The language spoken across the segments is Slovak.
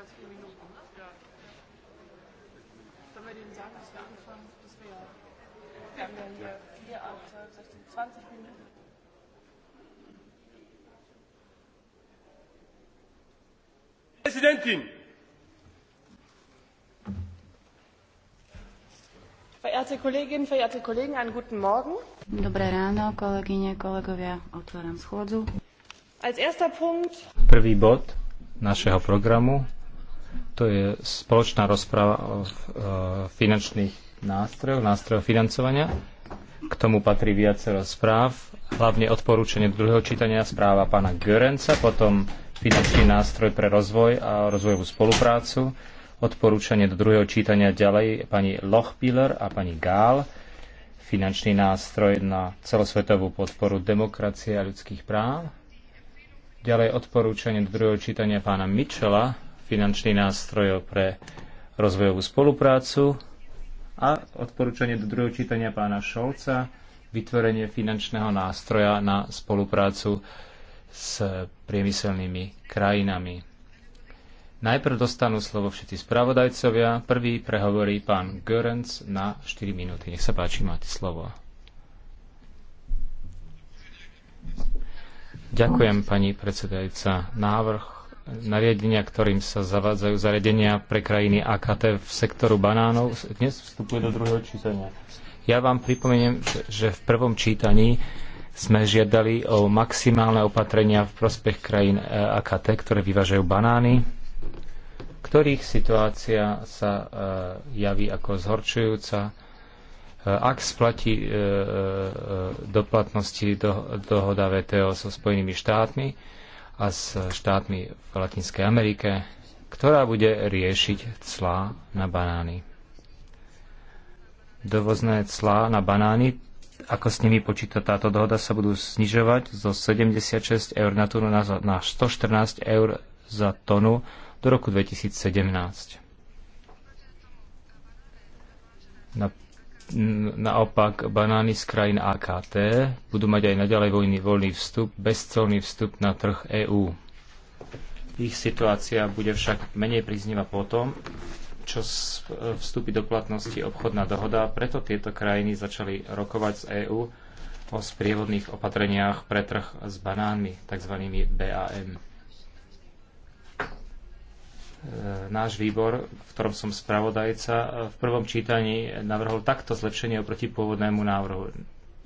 jeweils Minuten. Ja. Sollen wir denen sagen, dass wir anfangen, dass wir ja, haben ja hier vier, acht, zwölf, sechzehn, Minuten. Präsidentin! Verehrte Kolleginnen, verehrte Kollegen, einen guten Morgen. Dobré ráno, kolegyne, kolegovia, otváram schôdzu. Als erster Punkt. Prvý bod našeho programu to je spoločná rozpráva o e, finančných nástrojoch, nástrojoch financovania. K tomu patrí viacero správ, hlavne odporúčanie do druhého čítania správa pána Görenca, potom finančný nástroj pre rozvoj a rozvojovú spoluprácu, odporúčanie do druhého čítania ďalej pani Lochpiller a pani Gál, finančný nástroj na celosvetovú podporu demokracie a ľudských práv, ďalej odporúčanie do druhého čítania pána Mitchella, finančný nástroj pre rozvojovú spoluprácu a odporúčanie do druhého čítania pána Šolca vytvorenie finančného nástroja na spoluprácu s priemyselnými krajinami. Najprv dostanú slovo všetci spravodajcovia. Prvý prehovorí pán Görens na 4 minúty. Nech sa páči, máte slovo. Ďakujem, pani predsedajúca. Návrh nariadenia, ktorým sa zavádzajú zariadenia pre krajiny AKT v sektoru banánov, dnes vstupuje do druhého čítania. Ja vám pripomeniem, že v prvom čítaní sme žiadali o maximálne opatrenia v prospech krajín e, AKT, ktoré vyvážajú banány, ktorých situácia sa e, javí ako zhorčujúca. E, ak splatí do dohoda VTO so Spojenými štátmi, a s štátmi v Latinskej Amerike, ktorá bude riešiť clá na banány. Dovozné clá na banány, ako s nimi počíta táto dohoda, sa budú znižovať zo 76 eur na tonu na 114 eur za tonu do roku 2017. Na Naopak banány z krajín AKT budú mať aj naďalej vojny voľný vstup, bezcelný vstup na trh EÚ. Ich situácia bude však menej príznivá potom, čo e, vstúpi do platnosti obchodná dohoda, preto tieto krajiny začali rokovať z EÚ o sprievodných opatreniach pre trh s banánmi, tzv. BAM. E, náš výbor, v ktorom som spravodajca, e, v prvom čítaní navrhol takto zlepšenie oproti pôvodnému návrhu.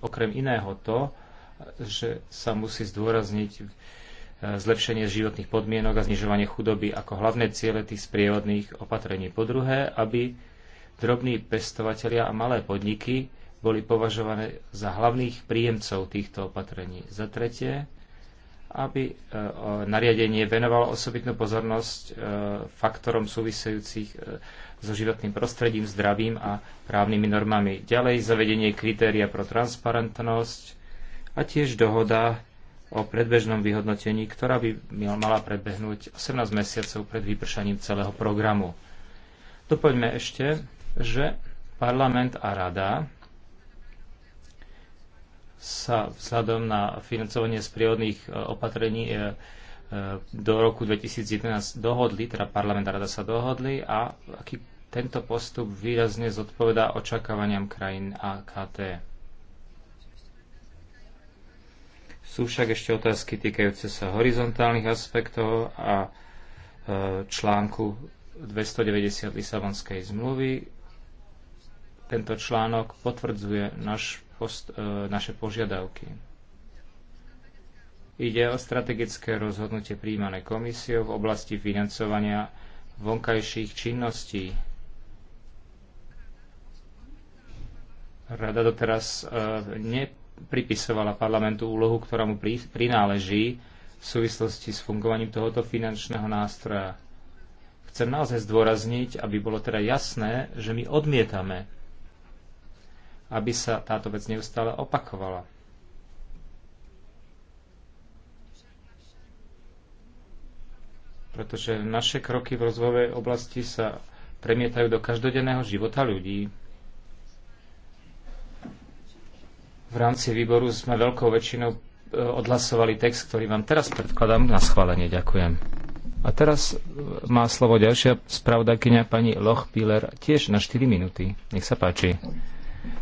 Okrem iného to, že sa musí zdôrazniť e, zlepšenie životných podmienok a znižovanie chudoby ako hlavné ciele tých sprievodných opatrení. Po druhé, aby drobní pestovatelia a malé podniky boli považované za hlavných príjemcov týchto opatrení. Za tretie, aby e, nariadenie venovalo osobitnú pozornosť e, faktorom súvisejúcich e, so životným prostredím, zdravím a právnymi normami. Ďalej zavedenie kritéria pro transparentnosť a tiež dohoda o predbežnom vyhodnotení, ktorá by mala predbehnúť 18 mesiacov pred vypršaním celého programu. Doplňme ešte, že parlament a rada sa vzhľadom na financovanie z prírodných e, opatrení e, e, do roku 2011 dohodli, teda parlament rada sa dohodli a aký tento postup výrazne zodpovedá očakávaniam krajín AKT. Sú však ešte otázky týkajúce sa horizontálnych aspektov a článku 290 Lisabonskej zmluvy. Tento článok potvrdzuje náš E, naše požiadavky. Ide o strategické rozhodnutie príjmané komisiou v oblasti financovania vonkajších činností. Rada doteraz e, nepripisovala parlamentu úlohu, ktorá mu prináleží v súvislosti s fungovaním tohoto finančného nástroja. Chcem naozaj zdôrazniť, aby bolo teda jasné, že my odmietame aby sa táto vec neustále opakovala. Pretože naše kroky v rozvojovej oblasti sa premietajú do každodenného života ľudí. V rámci výboru sme veľkou väčšinou e, odhlasovali text, ktorý vám teraz predkladám na schválenie. Ďakujem. A teraz e, má slovo ďalšia spravodajkyňa pani Loch Piller tiež na 4 minúty. Nech sa páči.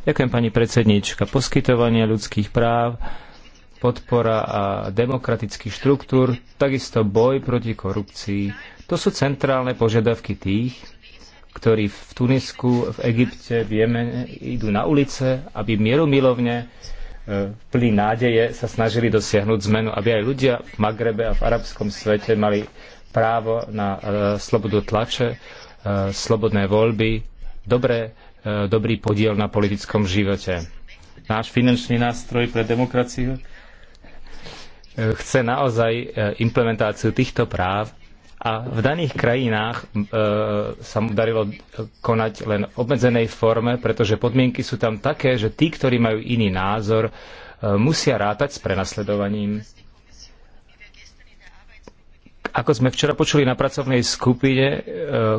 Ďakujem pani predsednička. Poskytovanie ľudských práv, podpora a demokratických štruktúr, takisto boj proti korupcii. To sú centrálne požiadavky tých, ktorí v Tunisku, v Egypte, v Jemene idú na ulice, aby mierumilovne e, plný nádeje sa snažili dosiahnuť zmenu, aby aj ľudia v Magrebe a v arabskom svete mali právo na e, slobodu tlače, e, slobodné voľby, dobré E, dobrý podiel na politickom živote. Náš finančný nástroj pre demokraciu e, chce naozaj e, implementáciu týchto práv a v daných krajinách sa mu darilo konať len v obmedzenej forme, pretože podmienky sú tam také, že tí, ktorí majú iný názor, musia rátať s prenasledovaním. Ako sme včera počuli na pracovnej skupine,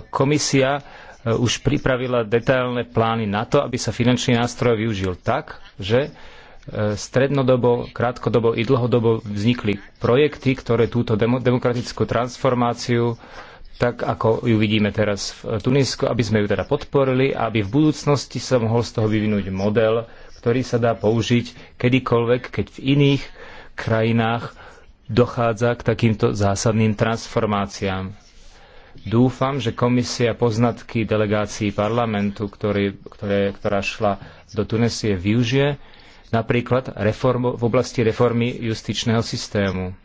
komisia Eh, už pripravila detailné plány na to, aby sa finančný nástroj využil tak, že eh, strednodobo, krátkodobo i dlhodobo vznikli projekty, ktoré túto demokratickú transformáciu tak ako ju vidíme teraz v Tunisku, aby sme ju teda podporili a aby v budúcnosti sa mohol z toho vyvinúť model, ktorý sa dá použiť kedykoľvek, keď v iných krajinách dochádza k takýmto zásadným transformáciám. Dúfam, že komisia poznatky delegácií parlamentu, ktorý, ktoré, ktorá šla do Tunisie, využije napríklad reform, v oblasti reformy justičného systému.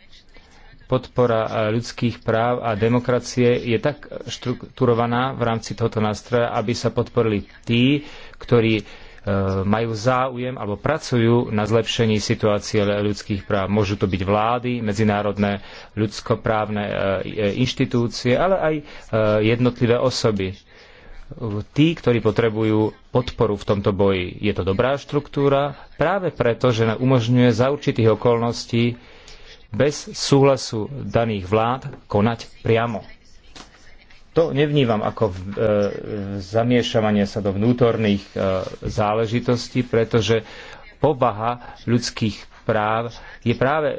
Podpora e, ľudských práv a demokracie je tak štrukturovaná v rámci tohoto nástroja, aby sa podporili tí, ktorí E, majú záujem alebo pracujú na zlepšení situácie ľudských práv. Môžu to byť vlády, medzinárodné ľudskoprávne e, e, inštitúcie, ale aj jednotlivé osoby. Tí, ktorí potrebujú podporu v tomto boji. Je to dobrá štruktúra práve preto, že umožňuje za určitých okolností bez súhlasu daných vlád konať priamo to nevnímam ako e, zamiešavanie sa do vnútorných e, záležitostí, pretože povaha ľudských práv je práve e,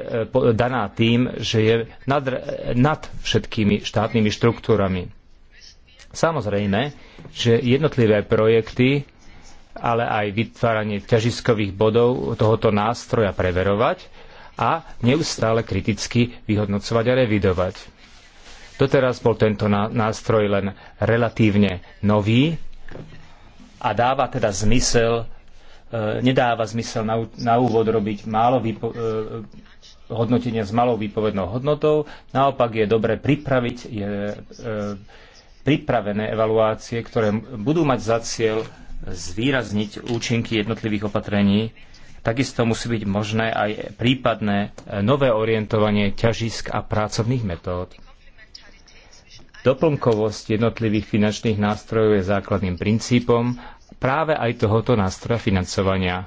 daná tým, že je nad, nad všetkými štátnymi štruktúrami. Samozrejme, že jednotlivé projekty, ale aj vytváranie ťažiskových bodov tohoto nástroja preverovať a neustále kriticky vyhodnocovať a revidovať Doteraz bol tento nástroj len relatívne nový a dáva teda zmysel, e, nedáva zmysel na, úvod robiť málo výpo, e, hodnotenia s malou výpovednou hodnotou. Naopak je dobre pripraviť je, e, pripravené evaluácie, ktoré budú mať za cieľ zvýrazniť účinky jednotlivých opatrení Takisto musí byť možné aj prípadné nové orientovanie ťažisk a pracovných metód. Doplnkovosť jednotlivých finančných nástrojov je základným princípom práve aj tohoto nástroja financovania.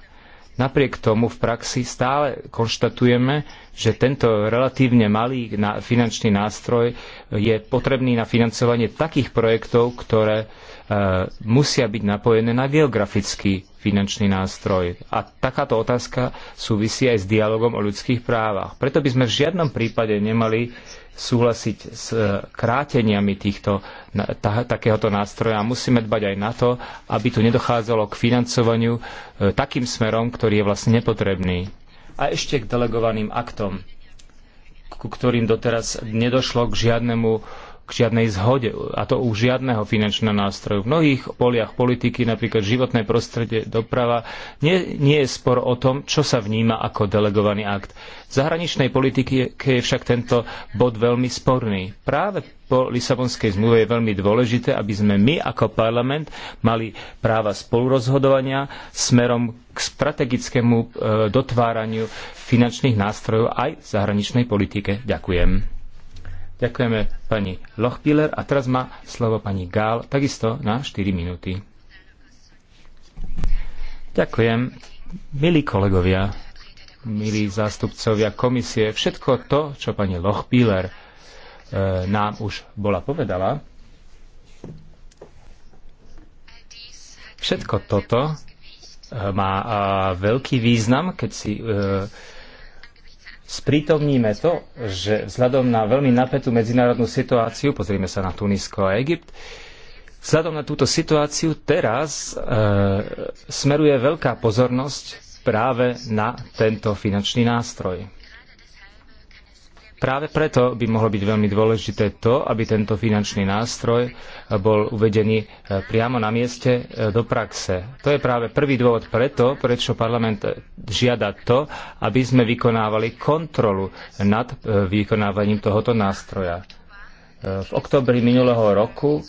Napriek tomu v praxi stále konštatujeme, že tento relatívne malý finančný nástroj je potrebný na financovanie takých projektov, ktoré e, musia byť napojené na geografický finančný nástroj. A takáto otázka súvisí aj s dialogom o ľudských právach. Preto by sme v žiadnom prípade nemali súhlasiť s e, kráteniami týchto, ta, takéhoto nástroja. Musíme dbať aj na to, aby tu nedochádzalo k financovaniu e, takým smerom, ktorý je vlastne nepotrebný. A ešte k delegovaným aktom, ku ktorým doteraz nedošlo k žiadnemu žiadnej zhode, a to u žiadneho finančného nástroju. V mnohých poliach politiky, napríklad životné prostredie, doprava, nie, nie je spor o tom, čo sa vníma ako delegovaný akt. V zahraničnej politike je však tento bod veľmi sporný. Práve po Lisabonskej zmluve je veľmi dôležité, aby sme my ako parlament mali práva spolurozhodovania smerom k strategickému e, dotváraniu finančných nástrojov aj v zahraničnej politike. Ďakujem. Ďakujeme pani Lochpiller a teraz má slovo pani Gál, takisto na 4 minúty. Ďakujem. Milí kolegovia, milí zástupcovia komisie, všetko to, čo pani Lochpiller e, nám už bola povedala, všetko toto e, má e, veľký význam, keď si e, sprítomníme to, že vzhľadom na veľmi napätú medzinárodnú situáciu, pozrieme sa na Tunisko a Egypt, vzhľadom na túto situáciu teraz e, smeruje veľká pozornosť práve na tento finančný nástroj. Práve preto by mohlo byť veľmi dôležité to, aby tento finančný nástroj bol uvedený e, priamo na mieste e, do praxe. To je práve prvý dôvod preto, prečo parlament e, žiada to, aby sme vykonávali kontrolu nad vykonávaním tohoto nástroja. V oktobri minulého roku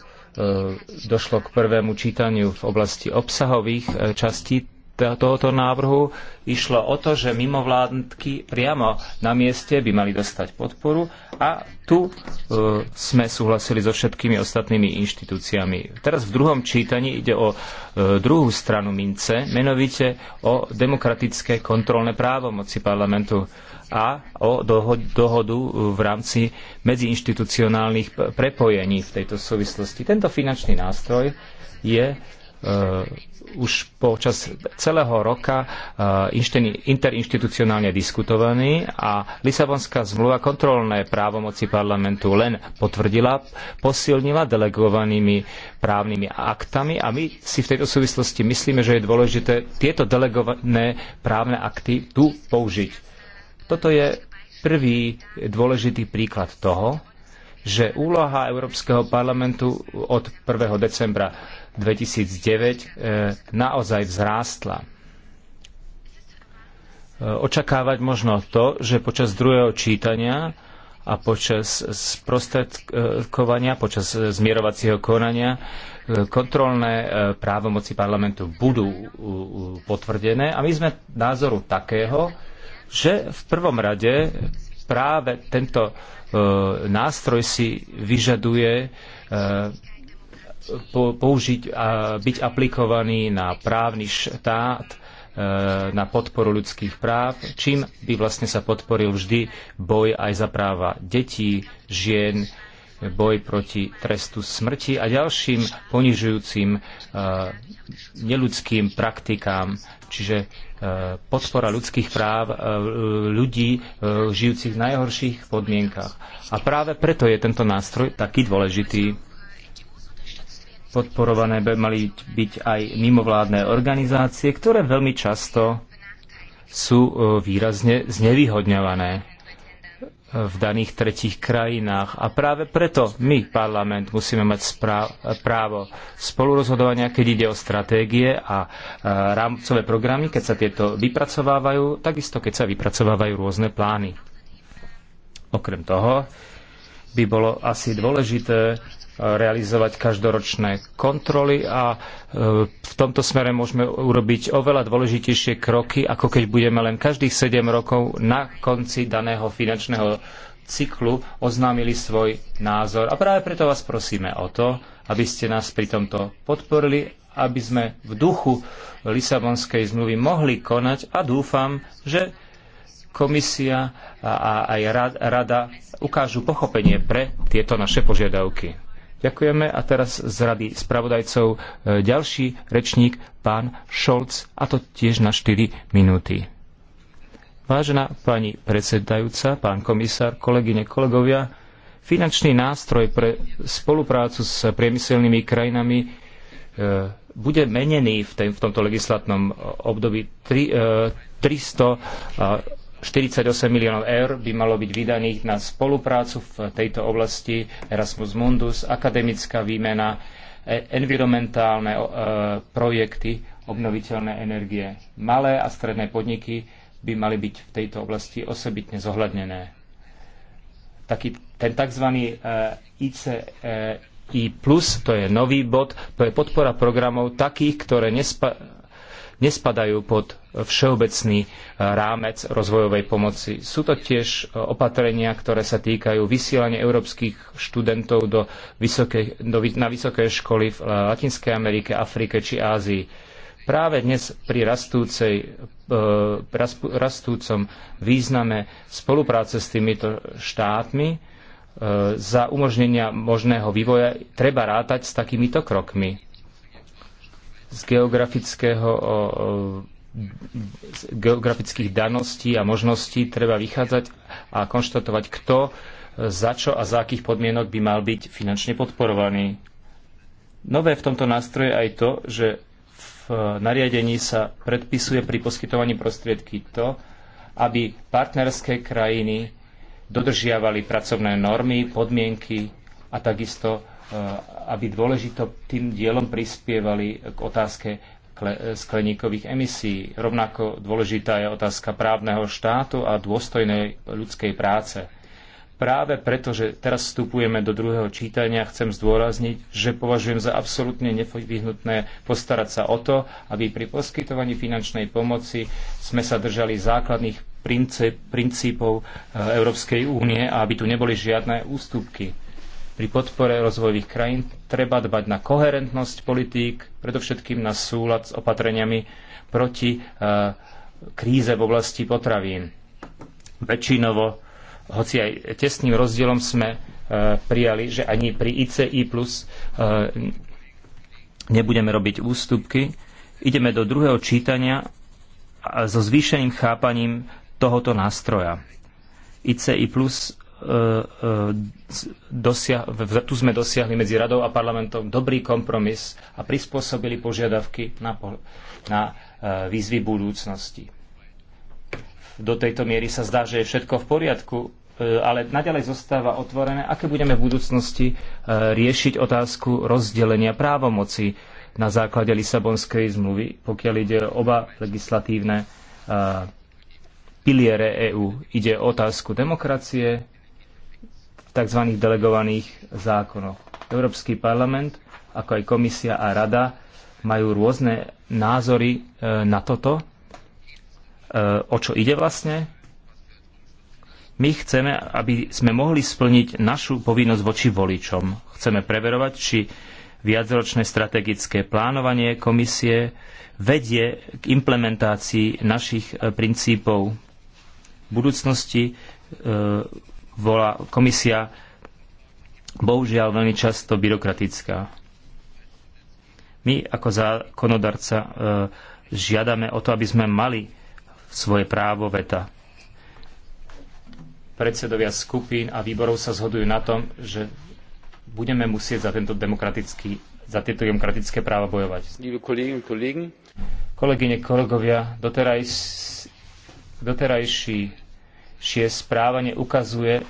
došlo k prvému čítaniu v oblasti obsahových častí tohoto návrhu išlo o to, že mimovládky priamo na mieste by mali dostať podporu a tu e, sme súhlasili so všetkými ostatnými inštitúciami. Teraz v druhom čítaní ide o e, druhú stranu mince, menovite o demokratické kontrolné právo moci parlamentu a o dohodu v rámci medziinštitucionálnych prepojení v tejto súvislosti. Tento finančný nástroj je e, už počas celého roka eh, interinstitucionálne diskutovaný a Lisabonská zmluva kontrolné právomoci parlamentu len potvrdila, posilnila delegovanými právnymi aktami a my si v tejto súvislosti myslíme, že je dôležité tieto delegované právne akty tu použiť. Toto je prvý dôležitý príklad toho, že úloha Európskeho parlamentu od 1. decembra 2009 e, naozaj vzrástla. E, očakávať možno to, že počas druhého čítania a počas sprostredkovania, počas zmierovacieho konania e, kontrolné právomoci parlamentu budú potvrdené. A my sme názoru takého, že v prvom rade práve tento nástroj si vyžaduje použiť a byť aplikovaný na právny štát, e, na podporu ľudských práv, čím by vlastne sa podporil vždy boj aj za práva detí, žien, boj proti trestu smrti a ďalším ponižujúcim e, neludským praktikám, čiže e, podpora ľudských práv ľudí žijúcich v najhorších podmienkach. A práve preto je tento nástroj taký dôležitý podporované by mali byť aj mimovládne organizácie, ktoré veľmi často sú e, výrazne znevýhodňované e, v daných tretích krajinách. A práve preto my, parlament, musíme mať právo spolurozhodovania, keď ide o stratégie a e, rámcové programy, keď sa tieto vypracovávajú, takisto keď sa vypracovávajú rôzne plány. Okrem toho by bolo asi dôležité realizovať každoročné kontroly a e, v tomto smere môžeme urobiť oveľa dôležitejšie kroky, ako keď budeme len každých 7 rokov na konci daného finančného cyklu oznámili svoj názor. A práve preto vás prosíme o to, aby ste nás pri tomto podporili, aby sme v duchu Lisabonskej zmluvy mohli konať a dúfam, že komisia a aj rada ukážu pochopenie pre tieto naše požiadavky. Ďakujeme a teraz z rady spravodajcov e, ďalší rečník, pán Šolc, a to tiež na 4 minúty. Vážená pani predsedajúca, pán komisár, kolegyne, kolegovia, finančný nástroj pre spoluprácu s priemyselnými krajinami e, bude menený v, tomto legislatnom období 300 e, 48 miliónov eur by malo byť vydaných na spoluprácu v tejto oblasti Erasmus Mundus, akademická výmena, e, environmentálne e, projekty, obnoviteľné energie. Malé a stredné podniky by mali byť v tejto oblasti osobitne zohľadnené. Taký, ten tzv. E, ICI plus, to je nový bod, to je podpora programov takých, ktoré nespa- nespadajú pod všeobecný eh, rámec rozvojovej pomoci. Sú to tiež eh, opatrenia, ktoré sa týkajú vysielania európskych študentov do vysoké, do, na vysoké školy v eh, Latinskej Amerike, Afrike či Ázii. Práve dnes pri rastúcej, rastúcom význame spolupráce s týmito štátmi za umožnenia možného vývoja treba rátať s takýmito krokmi z geografického z geografických daností a možností treba vychádzať a konštatovať, kto za čo a za akých podmienok by mal byť finančne podporovaný. Nové v tomto nástroje aj to, že v nariadení sa predpisuje pri poskytovaní prostriedky to, aby partnerské krajiny dodržiavali pracovné normy, podmienky a takisto e, aby dôležito tým dielom prispievali k otázke skleníkových emisí. Rovnako dôležitá je otázka právneho štátu a dôstojnej ľudskej práce. Práve preto, že teraz vstupujeme do druhého čítania, chcem zdôrazniť, že považujem za absolútne nevyhnutné postarať sa o to, aby pri poskytovaní finančnej pomoci sme sa držali základných princípov e, Európskej únie a aby tu neboli žiadne ústupky pri podpore rozvojových krajín treba dbať na koherentnosť politík, predovšetkým na súlad s opatreniami proti e, kríze v oblasti potravín. Väčšinovo, hoci aj tesným rozdielom sme e, prijali, že ani pri ICI plus e, nebudeme robiť ústupky. Ideme do druhého čítania so zvýšeným chápaním tohoto nástroja. ICI plus E, e, dosia- tu sme dosiahli medzi radou a parlamentom dobrý kompromis a prispôsobili požiadavky na, po- na e, výzvy budúcnosti. Do tejto miery sa zdá, že je všetko v poriadku, ale naďalej zostáva otvorené, aké budeme v budúcnosti riešiť otázku rozdelenia právomoci na základe Lisabonskej zmluvy, pokiaľ ide o oba legislatívne piliere EÚ. Ide o otázku demokracie, tzv. delegovaných zákonoch. Európsky parlament, ako aj komisia a rada, majú rôzne názory e, na toto, e, o čo ide vlastne. My chceme, aby sme mohli splniť našu povinnosť voči voličom. Chceme preverovať, či viacročné strategické plánovanie komisie vedie k implementácii našich e, princípov budúcnosti bola komisia bohužiaľ veľmi často byrokratická. My ako zákonodarca e, žiadame o to, aby sme mali svoje právo veta. Predsedovia skupín a výborov sa zhodujú na tom, že budeme musieť za, tento demokratický, za tieto demokratické práva bojovať. Kolegyne, kolegovia, doterajší šie správanie ukazuje,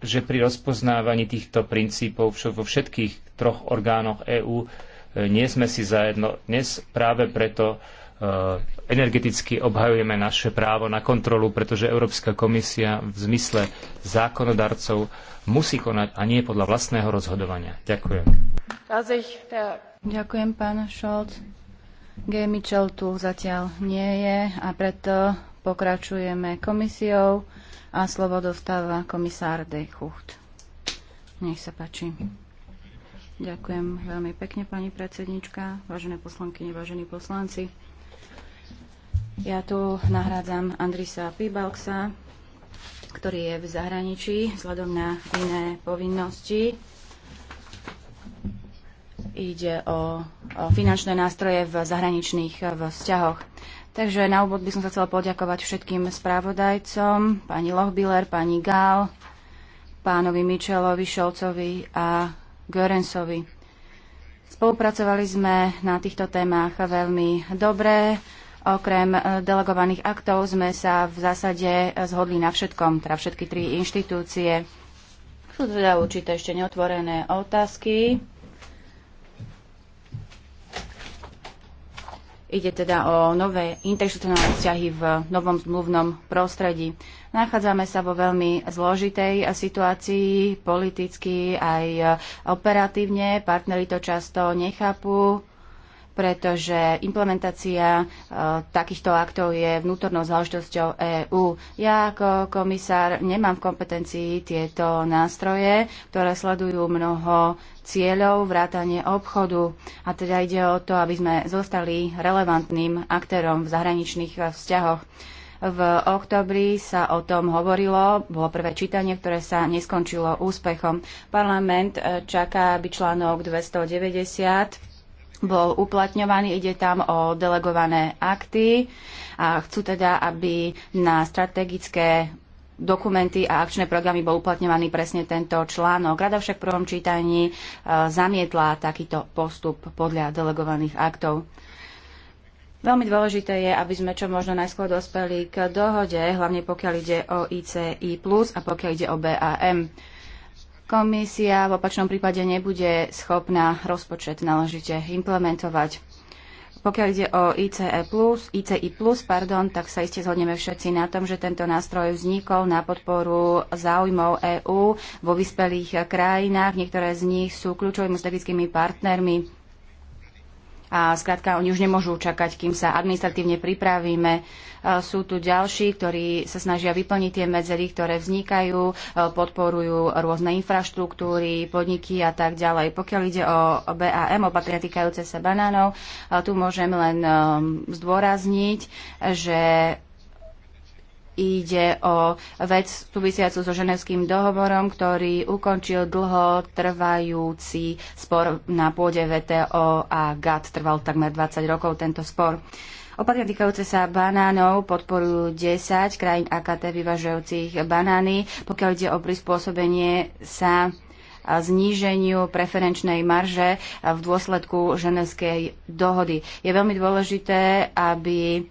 že pri rozpoznávaní týchto princípov vo všetkých troch orgánoch EÚ e, nie sme si zajedno. Dnes práve preto e, energeticky obhajujeme naše právo na kontrolu, pretože Európska komisia v zmysle zákonodarcov musí konať a nie podľa vlastného rozhodovania. Ďakujem. Ďakujem, pán Scholz. G. Mitchell tu zatiaľ nie je a preto Pokračujeme komisiou a slovo dostáva komisár De Chucht. Nech sa páči. Ďakujem veľmi pekne, pani predsednička, vážené poslanky, vážení poslanci. Ja tu nahrádzam Andrisa Pibalksa, ktorý je v zahraničí vzhľadom na iné povinnosti. Ide o, o finančné nástroje v zahraničných eh, vzťahoch. Takže na úvod by som sa chcela poďakovať všetkým správodajcom, pani Lochbiller, pani Gál, pánovi Mičelovi, Šolcovi a Görensovi. Spolupracovali sme na týchto témach veľmi dobre. Okrem e, delegovaných aktov sme sa v zásade zhodli na všetkom, teda všetky tri inštitúcie. Sú teda určité ešte neotvorené otázky. Ide teda o nové interštitucionálne vzťahy v novom zmluvnom prostredí. Nachádzame sa vo veľmi zložitej situácii politicky aj operatívne. Partnery to často nechápu, pretože implementácia e, takýchto aktov je vnútornou záležitosťou EÚ. Ja ako komisár nemám v kompetencii tieto nástroje, ktoré sledujú mnoho cieľov, vrátanie obchodu. A teda ide o to, aby sme zostali relevantným aktérom v zahraničných eh, vzťahoch. V oktobri sa o tom hovorilo, bolo prvé čítanie, ktoré sa neskončilo úspechom. Parlament eh, čaká, aby článok 290 bol uplatňovaný. Ide tam o delegované akty a chcú teda, aby na strategické dokumenty a akčné programy bol uplatňovaný presne tento článok. Rada však v prvom čítaní e, zamietla takýto postup podľa delegovaných aktov. Veľmi dôležité je, aby sme čo možno najskôr dospeli k dohode, hlavne pokiaľ ide o ICI+, a pokiaľ ide o BAM. Komisia v opačnom prípade nebude schopná rozpočet náležite implementovať. Pokiaľ ide o ICE+, ICI+, pardon, tak sa iste zhodneme všetci na tom, že tento nástroj vznikol na podporu záujmov EÚ vo vyspelých krajinách. Niektoré z nich sú kľúčovými strategickými partnermi a skrátka oni už nemôžu čakať, kým sa administratívne pripravíme. E, sú tu ďalší, ktorí sa snažia vyplniť tie medzery, ktoré vznikajú, e, podporujú rôzne infraštruktúry, podniky a tak ďalej. Pokiaľ ide o BAM, opatria týkajúce sa banánov, e, tu môžem len zdôrazniť, že ide o vec súvisiacu so ženevským dohovorom, ktorý ukončil dlho trvajúci spor na pôde VTO a GATT. Trval takmer 20 rokov tento spor. Opatrenia týkajúce sa banánov podporujú 10 krajín AKT vyvažujúcich banány, pokiaľ ide o prispôsobenie sa zníženiu preferenčnej marže v dôsledku ženevskej dohody. Je veľmi dôležité, aby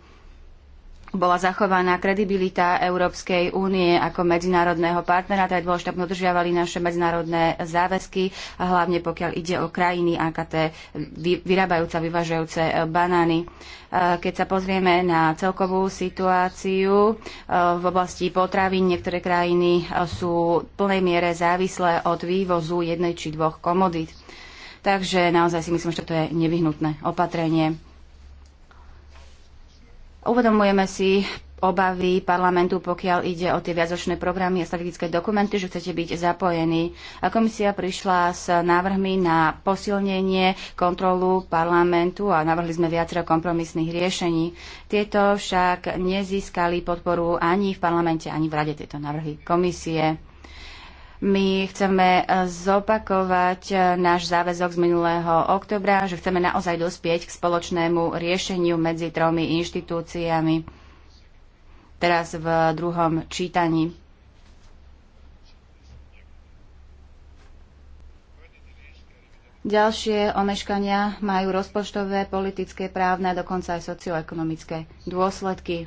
bola zachovaná kredibilita Európskej únie ako medzinárodného partnera, tak dôležité, aby dodržiavali naše medzinárodné záväzky, a hlavne pokiaľ ide o krajiny AKT vyrábajúce a vyvažujúce eh, banány. Eh, keď sa pozrieme na celkovú situáciu eh, v oblasti potravín, niektoré krajiny sú v plnej miere závislé od vývozu jednej či dvoch komodít. Takže naozaj si myslím, že to je nevyhnutné opatrenie. Uvedomujeme si obavy parlamentu, pokiaľ ide o tie viacročné programy a strategické dokumenty, že chcete byť zapojení. A komisia prišla s návrhmi na posilnenie kontrolu parlamentu a navrhli sme viacero kompromisných riešení. Tieto však nezískali podporu ani v parlamente, ani v rade tieto návrhy komisie. My chceme e, zopakovať e, náš záväzok z minulého oktobra, že chceme naozaj dospieť k spoločnému riešeniu medzi tromi inštitúciami teraz v druhom čítaní. Ďalšie omeškania majú rozpočtové, politické, právne a dokonca aj socioekonomické dôsledky.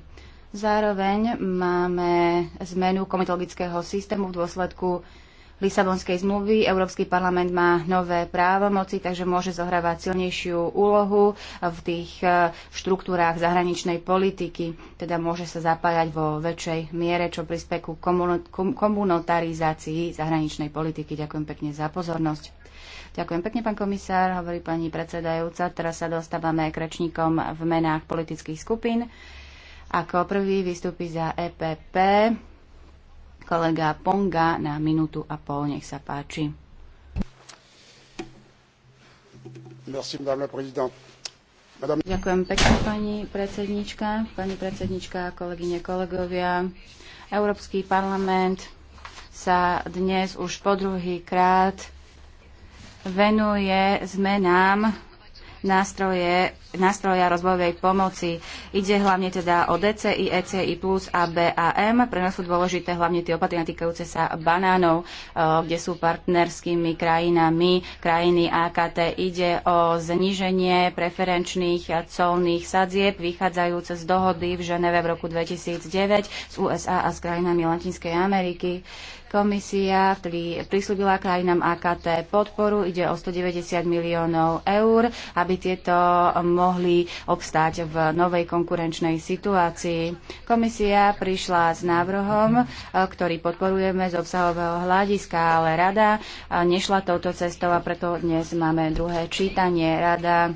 Zároveň máme zmenu komitologického systému v dôsledku Lisabonskej zmluvy Európsky parlament má nové právomoci, takže môže zohrávať silnejšiu úlohu v tých e, štruktúrách zahraničnej politiky, teda môže sa zapájať vo väčšej miere, čo prispie ku komunitarizácii zahraničnej politiky. Ďakujem pekne za pozornosť. Ďakujem pekne, pán komisár, hovorí pani predsedajúca. Teraz sa dostávame k rečníkom v menách politických skupín. Ako prvý vystúpi za EPP kolega Ponga na minútu a pol. Nech sa páči. Merci, madame présidente. Ďakujem pekne, pani predsednička, pani predsednička, kolegyne, kolegovia. Európsky parlament sa dnes už po druhý krát venuje zmenám nástroje, nástroja rozvojovej pomoci. Ide hlavne teda o DCI, ECI+, a BAM. Pre nás sú dôležité hlavne tie opatrenia týkajúce sa banánov, e, kde sú partnerskými krajinami krajiny AKT. Ide o zníženie preferenčných colných sadzieb vychádzajúce z dohody v Ženeve v roku 2009 s USA a s krajinami Latinskej Ameriky. Komisia prislúbila krajinám AKT podporu, ide o 190 miliónov eur, aby tieto mohli obstáť v novej konkurenčnej situácii. Komisia prišla s návrhom, e, ktorý podporujeme z obsahového hľadiska, ale rada e, nešla touto cestou a preto dnes máme druhé čítanie. Rada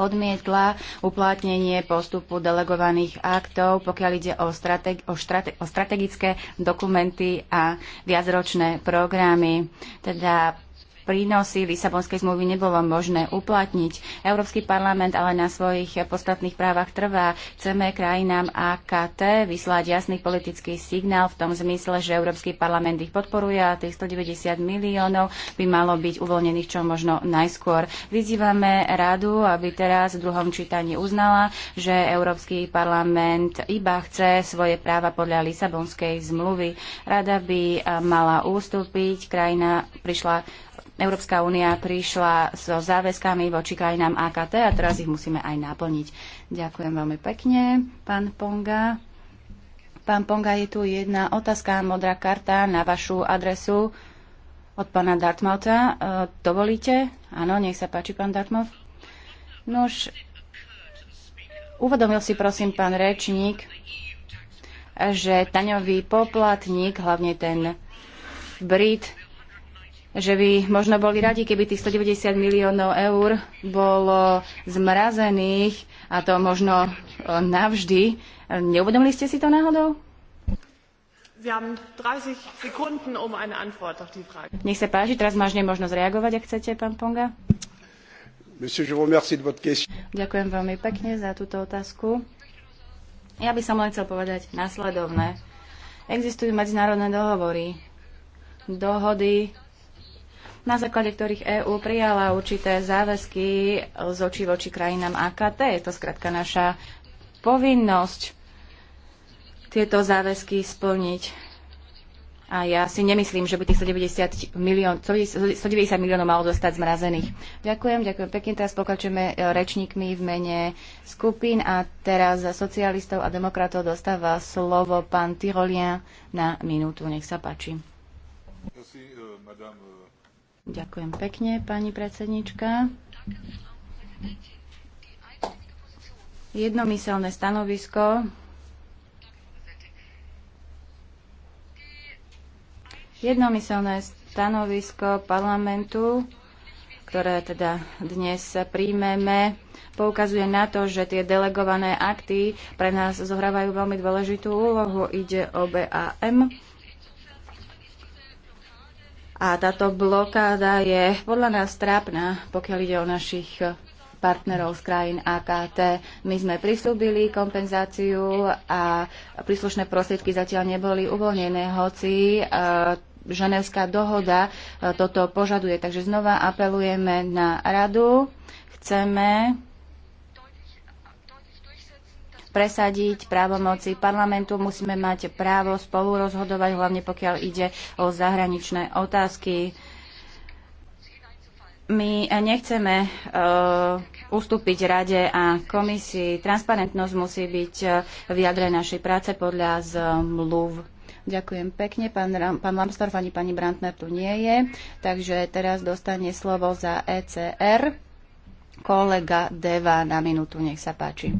odmietla uplatnenie postupu delegovaných aktov, pokiaľ ide o, strateg- o, strate- o strategické dokumenty a viacročné programy. Teda prínosy Lisabonskej zmluvy nebolo možné uplatniť. Európsky parlament ale na svojich podstatných právach trvá. Chceme krajinám AKT vyslať jasný politický signál v tom zmysle, že Európsky parlament ich podporuje a tých 190 miliónov by malo byť uvoľnených čo možno najskôr. Vyzývame radu, aby teraz v druhom čítaní uznala, že Európsky parlament iba chce svoje práva podľa Lisabonskej zmluvy. Rada by mala ústúpiť, krajina prišla Európska únia prišla so záväzkami voči krajinám AKT a teraz ich musíme aj naplniť. Ďakujem veľmi pekne, pán Ponga. Pán Ponga, je tu jedna otázka, modrá karta na vašu adresu od pána Dartmoutha. E, dovolíte? Áno, nech sa páči, pán Dartmouth. Nož, uvedomil si prosím pán rečník, že taňový poplatník, hlavne ten Brit, že by možno boli radi, keby tých 190 miliónov eur bolo zmrazených a to možno e, navždy. E, neuvedomili ste si to náhodou? Um Nech sa páči, teraz máš možnosť reagovať, ak chcete, pán Ponga. Ďakujem veľmi pekne za túto otázku. Ja by som len chcel povedať následovné. Existujú medzinárodné dohovory, dohody na základe ktorých EÚ prijala určité záväzky z očí voči krajinám AKT. Je to skrátka naša povinnosť tieto záväzky splniť. A ja si nemyslím, že by tých 190 milión, 190 miliónov malo dostať zmrazených. Ďakujem, ďakujem pekne. Teraz pokračujeme e, rečníkmi v mene skupín a teraz za socialistov a demokratov dostáva slovo pán Tyrolien na minútu. Nech sa páči. Merci, e, madame e, Ďakujem pekne, pani predsednička. Jednomyselné stanovisko. Jednomyselné stanovisko parlamentu, ktoré teda dnes príjmeme, poukazuje na to, že tie delegované akty pre nás zohrávajú veľmi dôležitú úlohu. Ide o BAM a táto blokáda je podľa nás trápna, pokiaľ ide o našich partnerov z krajín AKT. My sme prislúbili kompenzáciu a príslušné prostriedky zatiaľ neboli uvoľnené, hoci e, Ženevská dohoda e, toto požaduje. Takže znova apelujeme na radu. Chceme presadiť právomoci parlamentu, musíme mať právo spolu rozhodovať, hlavne pokiaľ ide o zahraničné otázky. My nechceme uh, ustúpiť rade a komisii. Transparentnosť musí byť uh, v našej práce podľa zmluv. Ďakujem pekne. Pán, pán Lambsdorff ani pani Brantner tu nie je, takže teraz dostane slovo za ECR kolega Deva na minútu. Nech sa páči.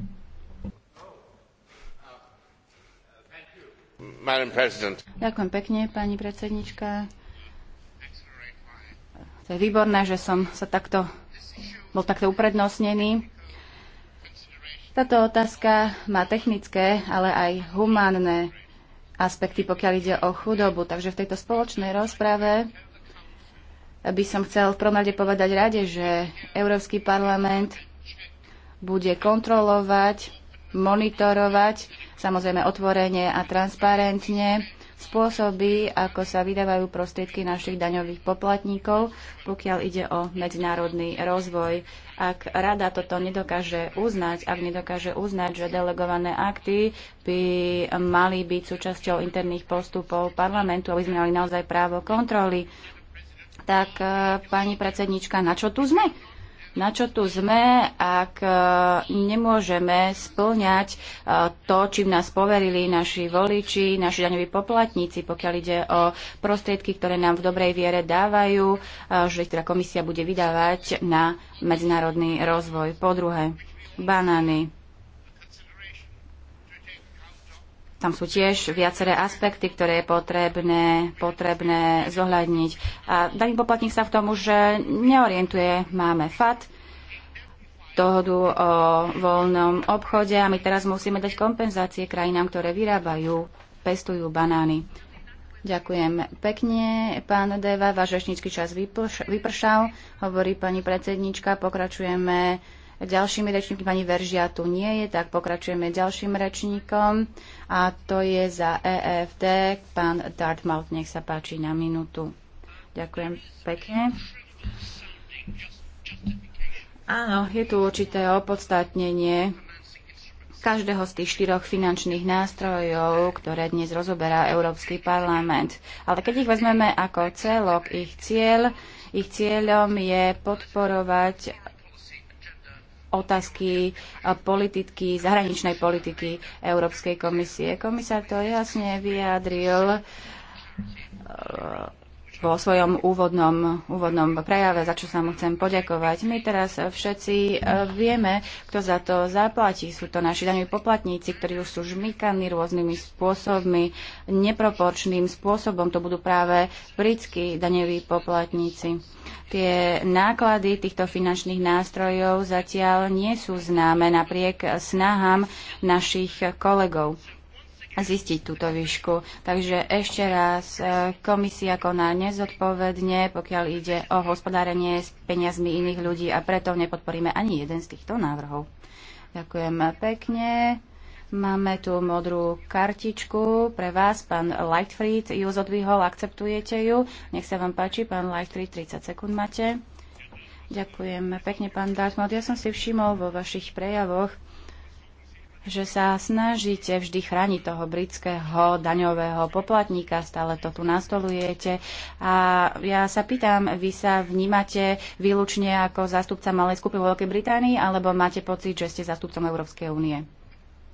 Ďakujem pekne, pani predsednička. To je výborné, že som sa takto, bol takto uprednostnený. Táto otázka má technické, ale aj humánne aspekty, pokiaľ ide o chudobu. Takže v tejto spoločnej rozprave by som chcel v prvom rade povedať rade, že Európsky parlament bude kontrolovať monitorovať, samozrejme otvorene a transparentne, spôsoby, ako sa vydávajú prostriedky našich daňových poplatníkov, pokiaľ ide o medzinárodný rozvoj. Ak rada toto nedokáže uznať, ak nedokáže uznať, že delegované akty by mali byť súčasťou interných postupov parlamentu, aby sme mali naozaj právo kontroly, tak eh, pani predsednička, na čo tu sme? na čo tu sme, ak e, nemôžeme splňať e, to, čím nás poverili naši voliči, naši daňoví poplatníci, pokiaľ ide o prostriedky, ktoré nám v dobrej viere dávajú, e, že ich teda komisia bude vydávať na medzinárodný rozvoj. Po druhé, banány Tam sú tiež viaceré aspekty, ktoré je potrebné, potrebné zohľadniť. A daný poplatník sa v tom už neorientuje. Máme FAT, dohodu o voľnom obchode a my teraz musíme dať kompenzácie krajinám, ktoré vyrábajú, pestujú banány. Ďakujem pekne, pán Deva. Váš rečnícky čas vypršal, hovorí pani predsednička. Pokračujeme Ďalším rečníkom pani Veržia tu nie je, tak pokračujeme ďalším rečníkom a to je za EFD pán Dartmouth. Nech sa páči na minútu. Ďakujem pekne. Áno, je tu určité opodstatnenie každého z tých štyroch finančných nástrojov, ktoré dnes rozoberá Európsky parlament. Ale keď ich vezmeme ako celok, ich cieľ, ich cieľom je podporovať otázky politiky, zahraničnej politiky Európskej komisie. Komisár to jasne vyjadril vo svojom úvodnom, úvodnom prejave, za čo sa mu chcem poďakovať. My teraz všetci e, vieme, kto za to zaplatí. Sú to naši daňoví poplatníci, ktorí už sú žmykaní rôznymi spôsobmi, neproporčným spôsobom. To budú práve britskí daňoví poplatníci. Tie náklady týchto finančných nástrojov zatiaľ nie sú známe napriek snahám našich kolegov zistiť túto výšku. Takže ešte raz, e, komisia koná nezodpovedne, pokiaľ ide o hospodárenie s peniazmi iných ľudí a preto nepodporíme ani jeden z týchto návrhov. Ďakujem pekne. Máme tu modrú kartičku pre vás. Pán Lightfried ju zodvihol, akceptujete ju. Nech sa vám páči, pán Lightfried, 30 sekúnd máte. Ďakujem pekne, pán Dartmouth. Ja som si všimol vo vašich prejavoch, že sa snažíte vždy chrániť toho britského daňového poplatníka, stále to tu nastolujete. A ja sa pýtam, vy sa vnímate výlučne ako zástupca malej skupiny Veľkej Británii, alebo máte pocit, že ste zástupcom Európskej únie?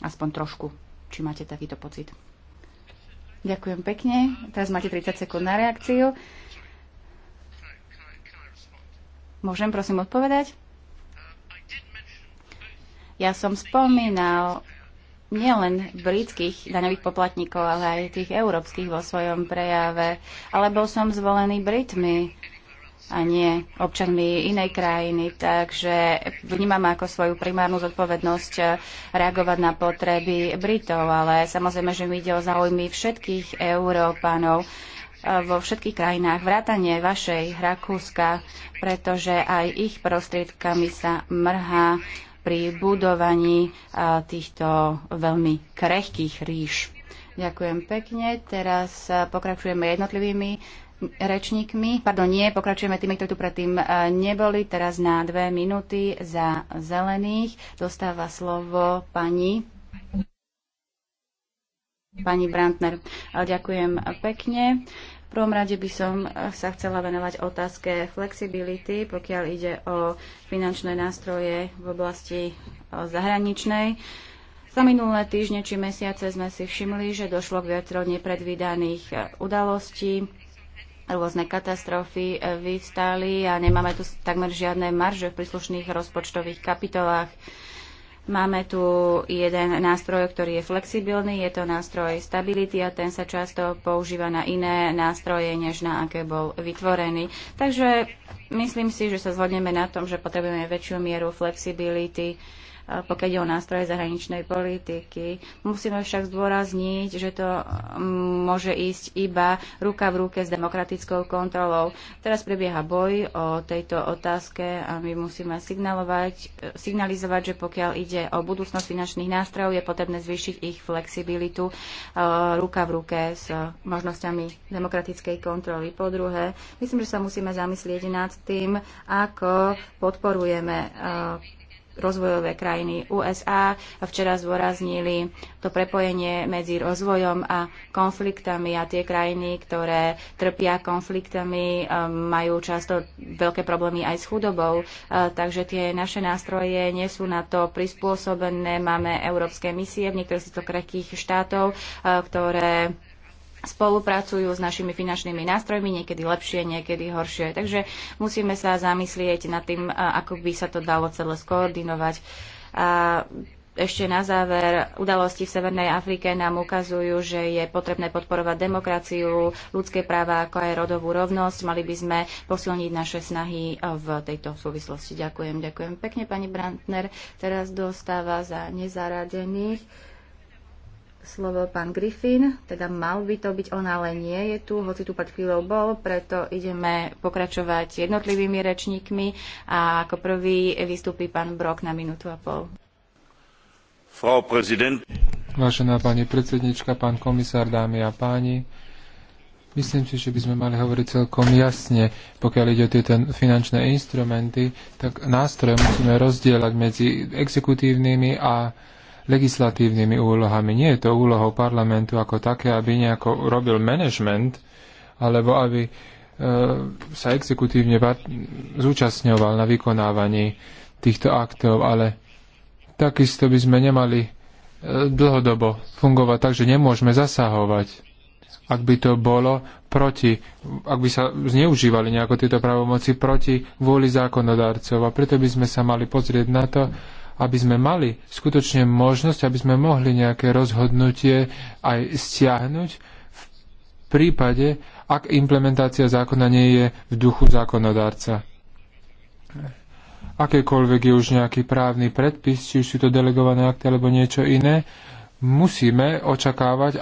Aspoň trošku, či máte takýto pocit. Ďakujem pekne. Teraz máte 30 sekúnd na reakciu. Môžem prosím odpovedať? Ja som spomínal nielen britských daňových poplatníkov, ale aj tých európskych vo svojom prejave. Ale bol som zvolený Britmi a nie občanmi inej krajiny. Takže vnímam ako svoju primárnu zodpovednosť reagovať na potreby Britov, ale samozrejme, že mi ide o záujmy všetkých Európanov e, vo všetkých krajinách, vrátane vašej Rakúska, pretože aj ich prostriedkami sa mrhá pri budovaní týchto veľmi krehkých ríš. Ďakujem pekne. Teraz pokračujeme jednotlivými rečníkmi. Pardon, nie, pokračujeme tými, ktorí tu predtým neboli. Teraz na dve minúty za zelených dostáva slovo pani pani Brandner, Ďakujem pekne prvom rade by som eh, sa chcela venovať otázke flexibility, pokiaľ ide o finančné nástroje v oblasti eh, zahraničnej. Za minulé týždne či mesiace sme si všimli, že došlo k viacero nepredvídaných eh, udalostí, rôzne katastrofy vyvstali a nemáme tu takmer žiadne marže v príslušných rozpočtových kapitolách. Máme tu jeden nástroj, ktorý je flexibilný, je to nástroj stability a ten sa často používa na iné nástroje, než na aké bol vytvorený. Takže myslím si, že sa zhodneme na tom, že potrebujeme väčšiu mieru flexibility pokiaľ ide o nástroje zahraničnej politiky. Musíme však zdôrazniť, že to mm, môže ísť iba ruka v ruke s demokratickou kontrolou. Teraz prebieha boj o tejto otázke a my musíme signalizovať, že pokiaľ ide o budúcnosť finančných nástrojov, je potrebné zvýšiť ich flexibilitu e, ruka v ruke s možnosťami demokratickej kontroly. Po druhé, myslím, že sa musíme zamyslieť nad tým, ako podporujeme e, rozvojové krajiny USA včera zdôraznili to prepojenie medzi rozvojom a konfliktami a tie krajiny, ktoré trpia konfliktami, um, majú často veľké problémy aj s chudobou. Uh, takže tie naše nástroje nie sú na to prispôsobené. Máme európske misie v niektorých z týchto krehkých štátov, uh, ktoré spolupracujú s našimi finančnými nástrojmi, niekedy lepšie, niekedy horšie. Takže musíme sa zamyslieť nad tým, ako by sa to dalo celé skoordinovať. A ešte na záver, udalosti v Severnej Afrike nám ukazujú, že je potrebné podporovať demokraciu, ľudské práva, ako aj rodovú rovnosť. Mali by sme posilniť naše snahy v tejto súvislosti. Ďakujem, ďakujem pekne, pani Brandner. Teraz dostáva za nezaradených slovo pán Griffin, teda mal by to byť on, ale nie je tu, hoci tu pred chvíľou bol, preto ideme pokračovať jednotlivými rečníkmi a ako prvý vystúpi pán Brok na minútu a pol. Frau prezident. Vážená pani predsednička, pán komisár, dámy a páni, Myslím si, že by sme mali hovoriť celkom jasne, pokiaľ ide o tieto finančné instrumenty, tak nástroje musíme rozdielať medzi exekutívnymi a legislatívnymi úlohami. Nie je to úlohou parlamentu ako také, aby nejako robil management, alebo aby e, sa exekutívne zúčastňoval na vykonávaní týchto aktov, ale takisto by sme nemali e, dlhodobo fungovať tak, že nemôžeme zasahovať ak by to bolo proti, ak by sa zneužívali nejako tieto právomoci proti vôli zákonodárcov. A preto by sme sa mali pozrieť na to, aby sme mali skutočne možnosť, aby sme mohli nejaké rozhodnutie aj stiahnuť v prípade, ak implementácia zákona nie je v duchu zákonodárca. Akékoľvek je už nejaký právny predpis, či už sú to delegované akty alebo niečo iné, musíme očakávať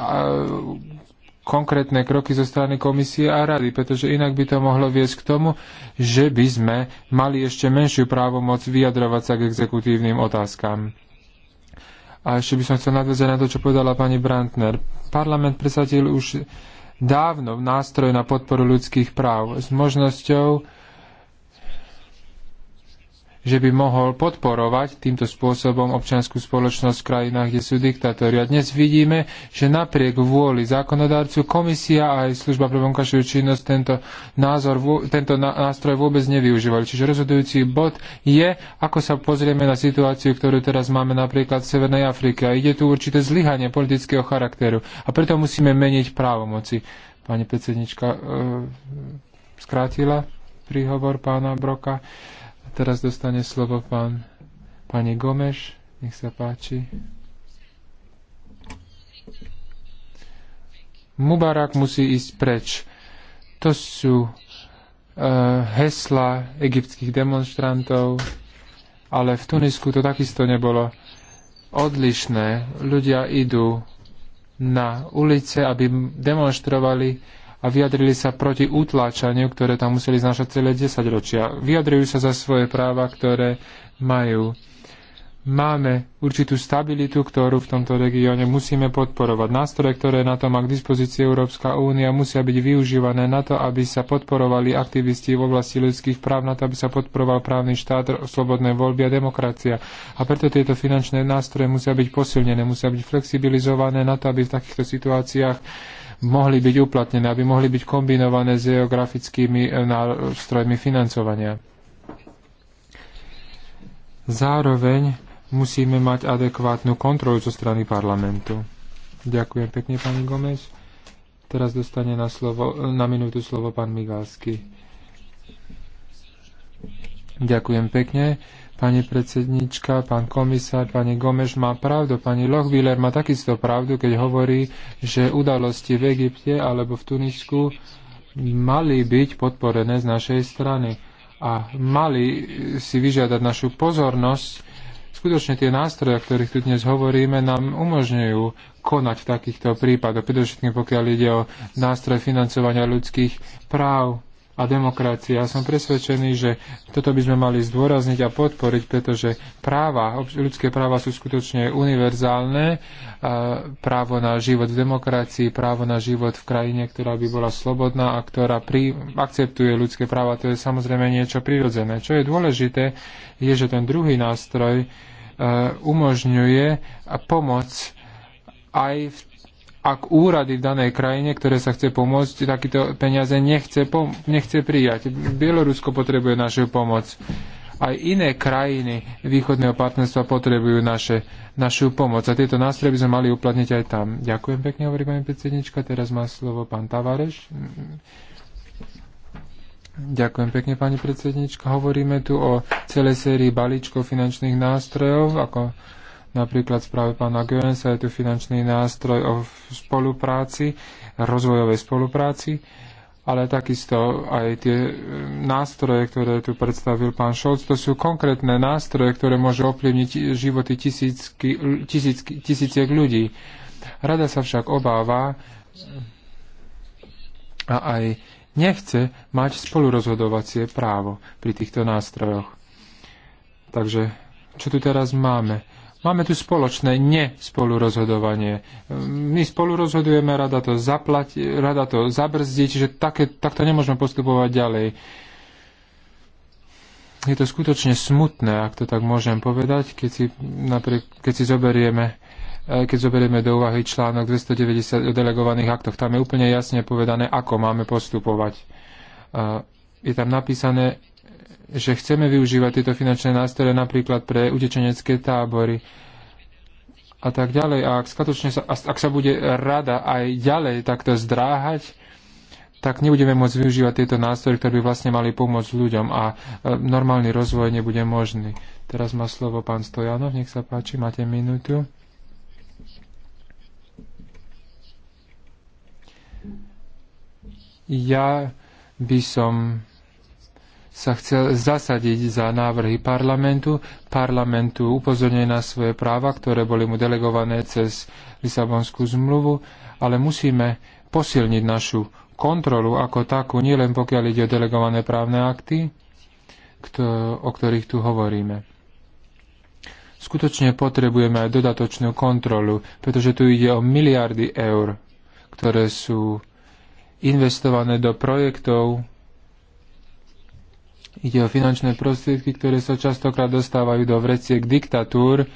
konkrétne kroky zo strany komisie a rady, pretože inak by to mohlo viesť k tomu, že by sme mali ešte menšiu právomoc vyjadrovať sa k exekutívnym otázkam. A ešte by som chcel nadväzať na to, čo povedala pani Brantner. Parlament presadil už dávno nástroj na podporu ľudských práv s možnosťou že by mohol podporovať týmto spôsobom občianskú spoločnosť v krajinách, kde sú diktatóri. A dnes vidíme, že napriek vôli zákonodárcu komisia a aj služba pre vonkajšiu činnosť tento, názor, tento nástroj vôbec nevyužívali. Čiže rozhodujúci bod je, ako sa pozrieme na situáciu, ktorú teraz máme napríklad v Severnej Afrike. A ide tu určité zlyhanie politického charakteru. A preto musíme meniť právomoci. Pani predsednička e, skrátila príhovor pána Broka. E, Teraz dostane slovo pán, pani Gomeš. Nech sa páči. Mubarak musí ísť preč. To sú uh, hesla egyptských demonstrantov, ale v Tunisku to takisto nebolo odlišné. Ľudia idú na ulice, aby demonstrovali a vyjadrili sa proti utláčaniu, ktoré tam museli znašať celé 10 ročia. Vyjadrujú sa za svoje práva, ktoré majú. Máme určitú stabilitu, ktorú v tomto regióne musíme podporovať. Nástroje, ktoré na to má k dispozícii Európska únia, musia byť využívané na to, aby sa podporovali aktivisti v oblasti ľudských práv, na to, aby sa podporoval právny štát, slobodné voľby a demokracia. A preto tieto finančné nástroje musia byť posilnené, musia byť flexibilizované na to, aby v takýchto situáciách mohli byť uplatnené, aby mohli byť kombinované s geografickými eh, nástrojmi financovania. Zároveň musíme mať adekvátnu kontrolu zo strany parlamentu. Ďakujem pekne, pani Gomez. Teraz dostane na, slovo, na minútu slovo pán Migalsky. Ďakujem pekne. Pani predsednička, pán komisár, pani Gomeš má pravdu, pani Lochwiller má takisto pravdu, keď hovorí, že udalosti v Egypte alebo v Tunisku mali byť podporené z našej strany a mali si vyžiadať našu pozornosť. Skutočne tie nástroje, o ktorých tu dnes hovoríme, nám umožňujú konať v takýchto prípadoch, predovšetkým pokiaľ ide o nástroj financovania ľudských práv a demokracia. som presvedčený, že toto by sme mali zdôrazniť a podporiť, pretože práva, ľudské práva sú skutočne univerzálne. Právo na život v demokracii, právo na život v krajine, ktorá by bola slobodná a ktorá pri, akceptuje ľudské práva, to je samozrejme niečo prirodzené. Čo je dôležité, je, že ten druhý nástroj e, umožňuje pomoc aj v ak úrady v danej krajine, ktoré sa chce pomôcť, takýto peniaze nechce, pom- nechce prijať. Bielorusko potrebuje našu pomoc. Aj iné krajiny východného partnerstva potrebujú naše, našu pomoc. A tieto nástroje by sme mali uplatniť aj tam. Ďakujem pekne, hovorí pani predsednička. Teraz má slovo pán Tavareš. Ďakujem pekne, pani predsednička. Hovoríme tu o celej sérii balíčkov finančných nástrojov, ako Napríklad správe pána Goensa je tu finančný nástroj o spolupráci, rozvojovej spolupráci, ale takisto aj tie e, nástroje, ktoré tu predstavil pán Šolc, to sú konkrétne nástroje, ktoré môžu ovplyvniť životy tisícky, tisícky, tisíciek ľudí. Rada sa však obáva a aj nechce mať spolurozhodovacie právo pri týchto nástrojoch. Takže čo tu teraz máme? Máme tu spoločné nespolurozhodovanie. My spolurozhodujeme, rada to, zaplati, rada to zabrzdi, čiže také, takto nemôžeme postupovať ďalej je to skutočne smutné, ak to tak môžem povedať, keď si, napriek, keď si zoberieme eh, keď zoberieme do úvahy článok 290 o delegovaných aktoch, tam je úplne jasne povedané, ako máme postupovať. Eh, je tam napísané, že chceme využívať tieto finančné nástroje napríklad pre utečenecké tábory a tak ďalej. A ak, sa, ak sa bude rada aj ďalej takto zdráhať, tak nebudeme môcť využívať tieto nástroje, ktoré by vlastne mali pomôcť ľuďom a e, normálny rozvoj nebude možný. Teraz má slovo pán Stojanov, nech sa páči, máte minútu. Ja by som sa chcel zasadiť za návrhy parlamentu. Parlamentu upozorňuje na svoje práva, ktoré boli mu delegované cez Lisabonskú zmluvu, ale musíme posilniť našu kontrolu ako takú, nielen pokiaľ ide o delegované právne akty, kto, o ktorých tu hovoríme. Skutočne potrebujeme aj dodatočnú kontrolu, pretože tu ide o miliardy eur, ktoré sú investované do projektov, Ide o finančné prostriedky, ktoré sa častokrát dostávajú do vreciek diktatúr,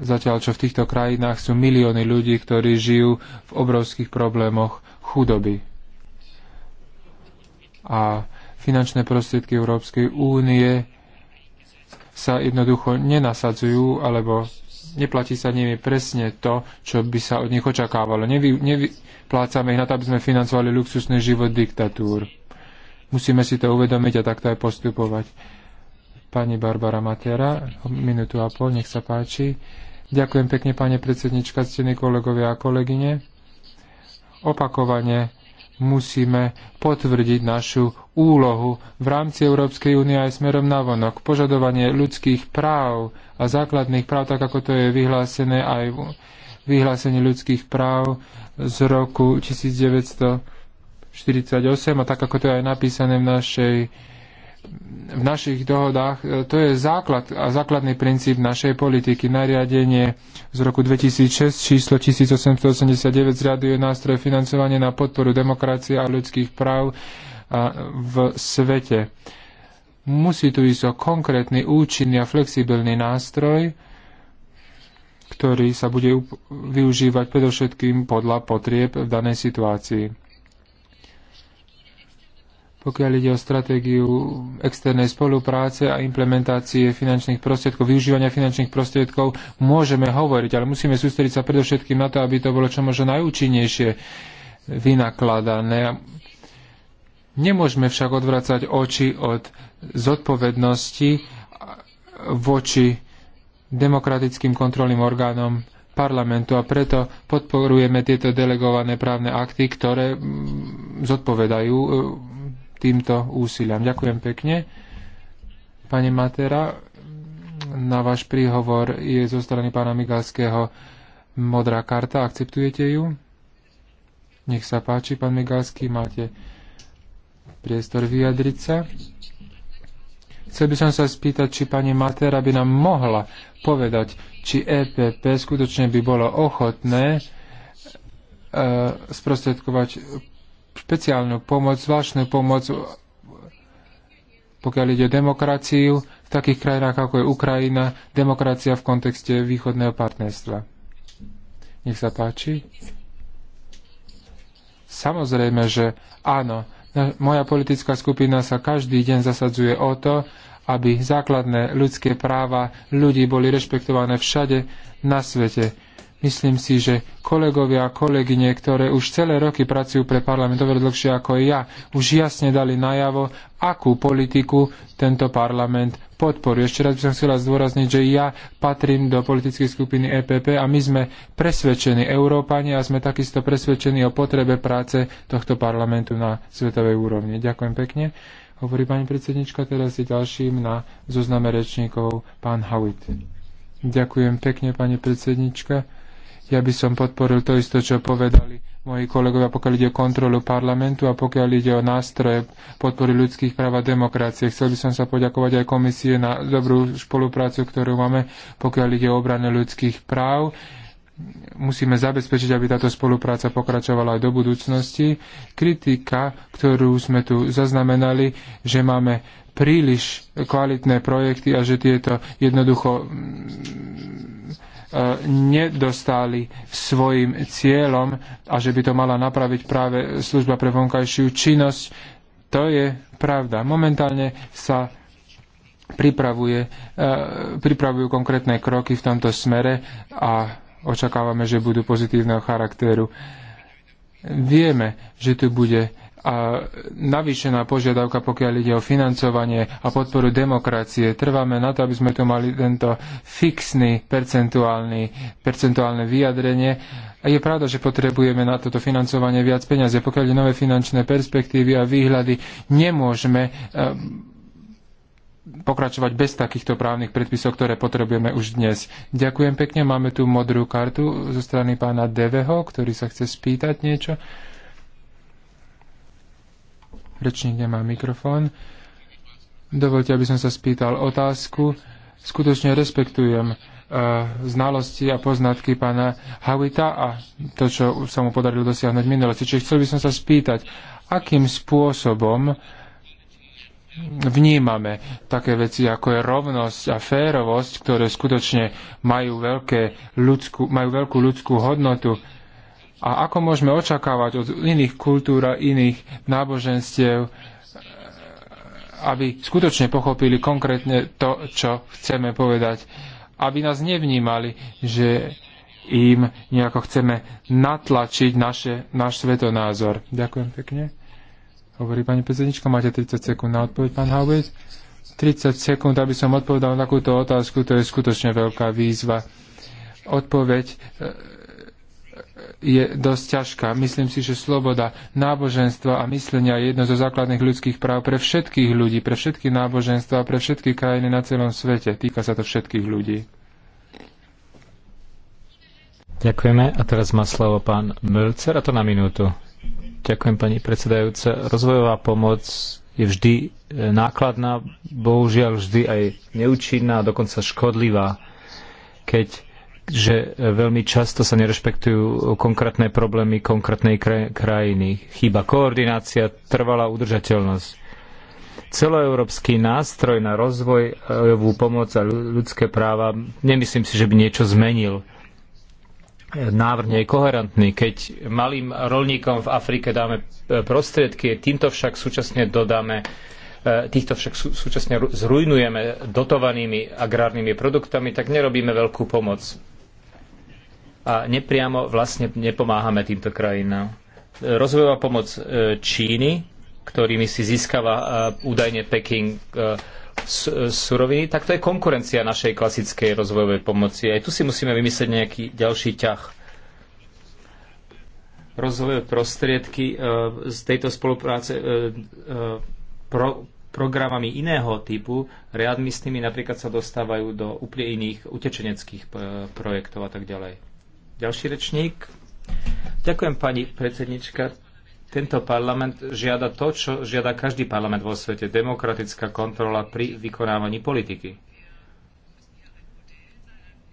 zatiaľ čo v týchto krajinách sú milióny ľudí, ktorí žijú v obrovských problémoch chudoby. A finančné prostriedky Európskej únie sa jednoducho nenasadzujú alebo neplatí sa nimi presne to, čo by sa od nich očakávalo. Nevy, nevyplácame ich na to, aby sme financovali luxusný život diktatúr. Musíme si to uvedomiť a takto aj postupovať. Pani Barbara Matera, minútu a pol, nech sa páči. Ďakujem pekne, pani predsednička, ctení kolegovia a kolegyne. Opakovane musíme potvrdiť našu úlohu v rámci Európskej únie aj smerom na vonok. Požadovanie ľudských práv a základných práv, tak ako to je vyhlásené aj v vyhlásení ľudských práv z roku 1900 48 a tak ako to je aj napísané v našej v našich dohodách, e, to je základ a základný princíp našej politiky. Nariadenie z roku 2006 číslo 1889 zriaduje nástroj financovania na podporu demokracie a ľudských práv e, v svete. Musí tu ísť o konkrétny, účinný a flexibilný nástroj, ktorý sa bude využívať predovšetkým podľa potrieb v danej situácii pokiaľ ide o stratégiu externej spolupráce a implementácie finančných prostriedkov, využívania finančných prostriedkov, môžeme hovoriť, ale musíme sústrediť sa predovšetkým na to, aby to bolo čo možno najúčinnejšie vynakladané. Nemôžeme však odvracať oči od zodpovednosti voči demokratickým kontrolným orgánom parlamentu a preto podporujeme tieto delegované právne akty, ktoré mm, zodpovedajú týmto úsiliam. Ďakujem pekne. Pane Matera, na váš príhovor je zo strany pána Migalského modrá karta. Akceptujete ju? Nech sa páči, pán Migalský, máte priestor vyjadriť sa. Chcel by som sa spýtať, či pani Matera by nám mohla povedať, či EPP skutočne by bolo ochotné e, sprostredkovať špeciálnu pomoc, zvláštnu pomoc, pokiaľ ide o demokraciu, v takých krajinách ako je Ukrajina, demokracia v kontexte východného partnerstva. Nech sa páči. Samozrejme, že áno, moja politická skupina sa každý deň zasadzuje o to, aby základné ľudské práva ľudí boli rešpektované všade na svete Myslím si, že kolegovia a kolegyne, ktoré už celé roky pracujú pre parlament oveľa dlhšie ako ja, už jasne dali najavo, akú politiku tento parlament podporuje. Ešte raz by som chcela zdôrazniť, že ja patrím do politickej skupiny EPP a my sme presvedčení Európania a sme takisto presvedčení o potrebe práce tohto parlamentu na svetovej úrovni. Ďakujem pekne. Hovorí pani predsednička, teraz je ďalším na zozname rečníkov pán Hawit. Ďakujem pekne, pani predsednička. Ja by som podporil to isto, čo povedali moji kolegovia, pokiaľ ide o kontrolu parlamentu a pokiaľ ide o nástroje podpory ľudských práv a demokracie. Chcel by som sa poďakovať aj komisie na dobrú spoluprácu, ktorú máme, pokiaľ ide o obranu ľudských práv musíme zabezpečiť, aby táto spolupráca pokračovala aj do budúcnosti. Kritika, ktorú sme tu zaznamenali, že máme príliš kvalitné projekty a že tieto jednoducho mm, e, nedostali svojim cieľom a že by to mala napraviť práve služba pre vonkajšiu činnosť. To je pravda. Momentálne sa pripravuje, e, pripravujú konkrétne kroky v tomto smere a očakávame, že budú pozitívneho charakteru. Vieme, že tu bude a navýšená požiadavka, pokiaľ ide o financovanie a podporu demokracie. Trváme na to, aby sme tu mali tento fixný percentuálny, percentuálne vyjadrenie. A je pravda, že potrebujeme na toto financovanie viac peniazy. Pokiaľ je nové finančné perspektívy a výhľady, nemôžeme pokračovať bez takýchto právnych predpisov, ktoré potrebujeme už dnes. Ďakujem pekne. Máme tu modrú kartu zo strany pána Deveho, ktorý sa chce spýtať niečo. Rečník nemá mikrofón. Dovolte, aby som sa spýtal otázku. Skutočne respektujem e, znalosti a poznatky pána Havita a to, čo sa mu podarilo dosiahnuť v minulosti. Čiže chcel by som sa spýtať, akým spôsobom uh, vnímame také veci ako je rovnosť a férovosť, ktoré skutočne majú, veľké ľudskú, majú veľkú ľudskú hodnotu. A ako môžeme očakávať od iných kultúr a iných náboženstiev, aby skutočne pochopili konkrétne to, čo chceme povedať. Aby nás nevnímali, že im nejako chceme natlačiť naše, náš svetonázor. Ďakujem pekne. Hovorí pani predsednička, máte 30 sekúnd na odpoveď, pán Howard. 30 sekúnd, aby som odpovedal na takúto otázku, to je skutočne veľká výzva. Odpoveď e, e, je dosť ťažká. Myslím si, že sloboda náboženstva a myslenia je jedno zo základných ľudských práv pre všetkých ľudí, pre všetky náboženstva a pre všetky krajiny na celom svete. Týka sa to všetkých ľudí. Ďakujeme. A teraz má slovo pán Mölcer, a to na minútu. Ďakujem, pani predsedajúca. Rozvojová pomoc je vždy e, nákladná, bohužiaľ vždy aj neúčinná, a dokonca škodlivá, keď že e, veľmi často sa nerešpektujú konkrétne problémy konkrétnej krajiny. Chýba koordinácia, trvalá udržateľnosť celoeurópsky nástroj na rozvojovú pomoc a ľudské práva, nemyslím si, že by niečo zmenil návrh nie je koherentný. Keď malým rolníkom v Afrike dáme e, prostriedky, týmto však súčasne dodáme e, týchto však súčasne zrujnujeme dotovanými agrárnymi produktami, tak nerobíme veľkú pomoc. A nepriamo vlastne nepomáhame týmto krajinám. Rozvojová pomoc e, Číny, ktorými si získava údajne Peking E, suroviny, tak to je konkurencia našej klasickej rozvojovej pomoci. Aj tu si musíme vymyslieť nejaký ďalší ťah. Rozvojové prostriedky e, z tejto spolupráce e, pro, programami iného typu, tými napríklad sa dostávajú do úplne iných utečeneckých projektov a tak ďalej. Ďalší rečník. Ďakujem pani predsednička. Tento parlament žiada to, čo žiada každý parlament vo svete, demokratická kontrola pri vykonávaní politiky.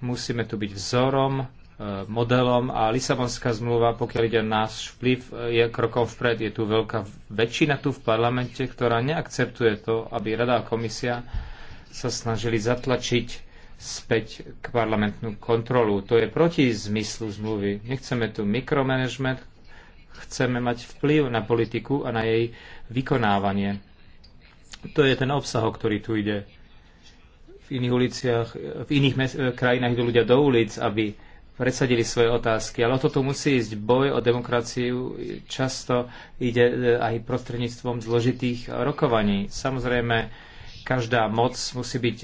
Musíme tu byť vzorom, e, modelom a Lisabonská zmluva, pokiaľ ide náš vplyv, e, je krokom vpred. Je tu veľká väčšina tu v parlamente, ktorá neakceptuje to, aby Rada a komisia sa snažili zatlačiť späť k parlamentnú kontrolu. To je proti zmyslu zmluvy. Nechceme tu mikromanagement, Chceme mať vplyv na politiku a na jej vykonávanie. To je ten obsah, o ktorý tu ide. V iných uliciach, v iných eh, krajinách idú ľudia do ulic, aby presadili svoje otázky. Ale o toto musí ísť boj o demokraciu. Často ide eh, aj prostredníctvom zložitých rokovaní. Samozrejme, každá moc musí byť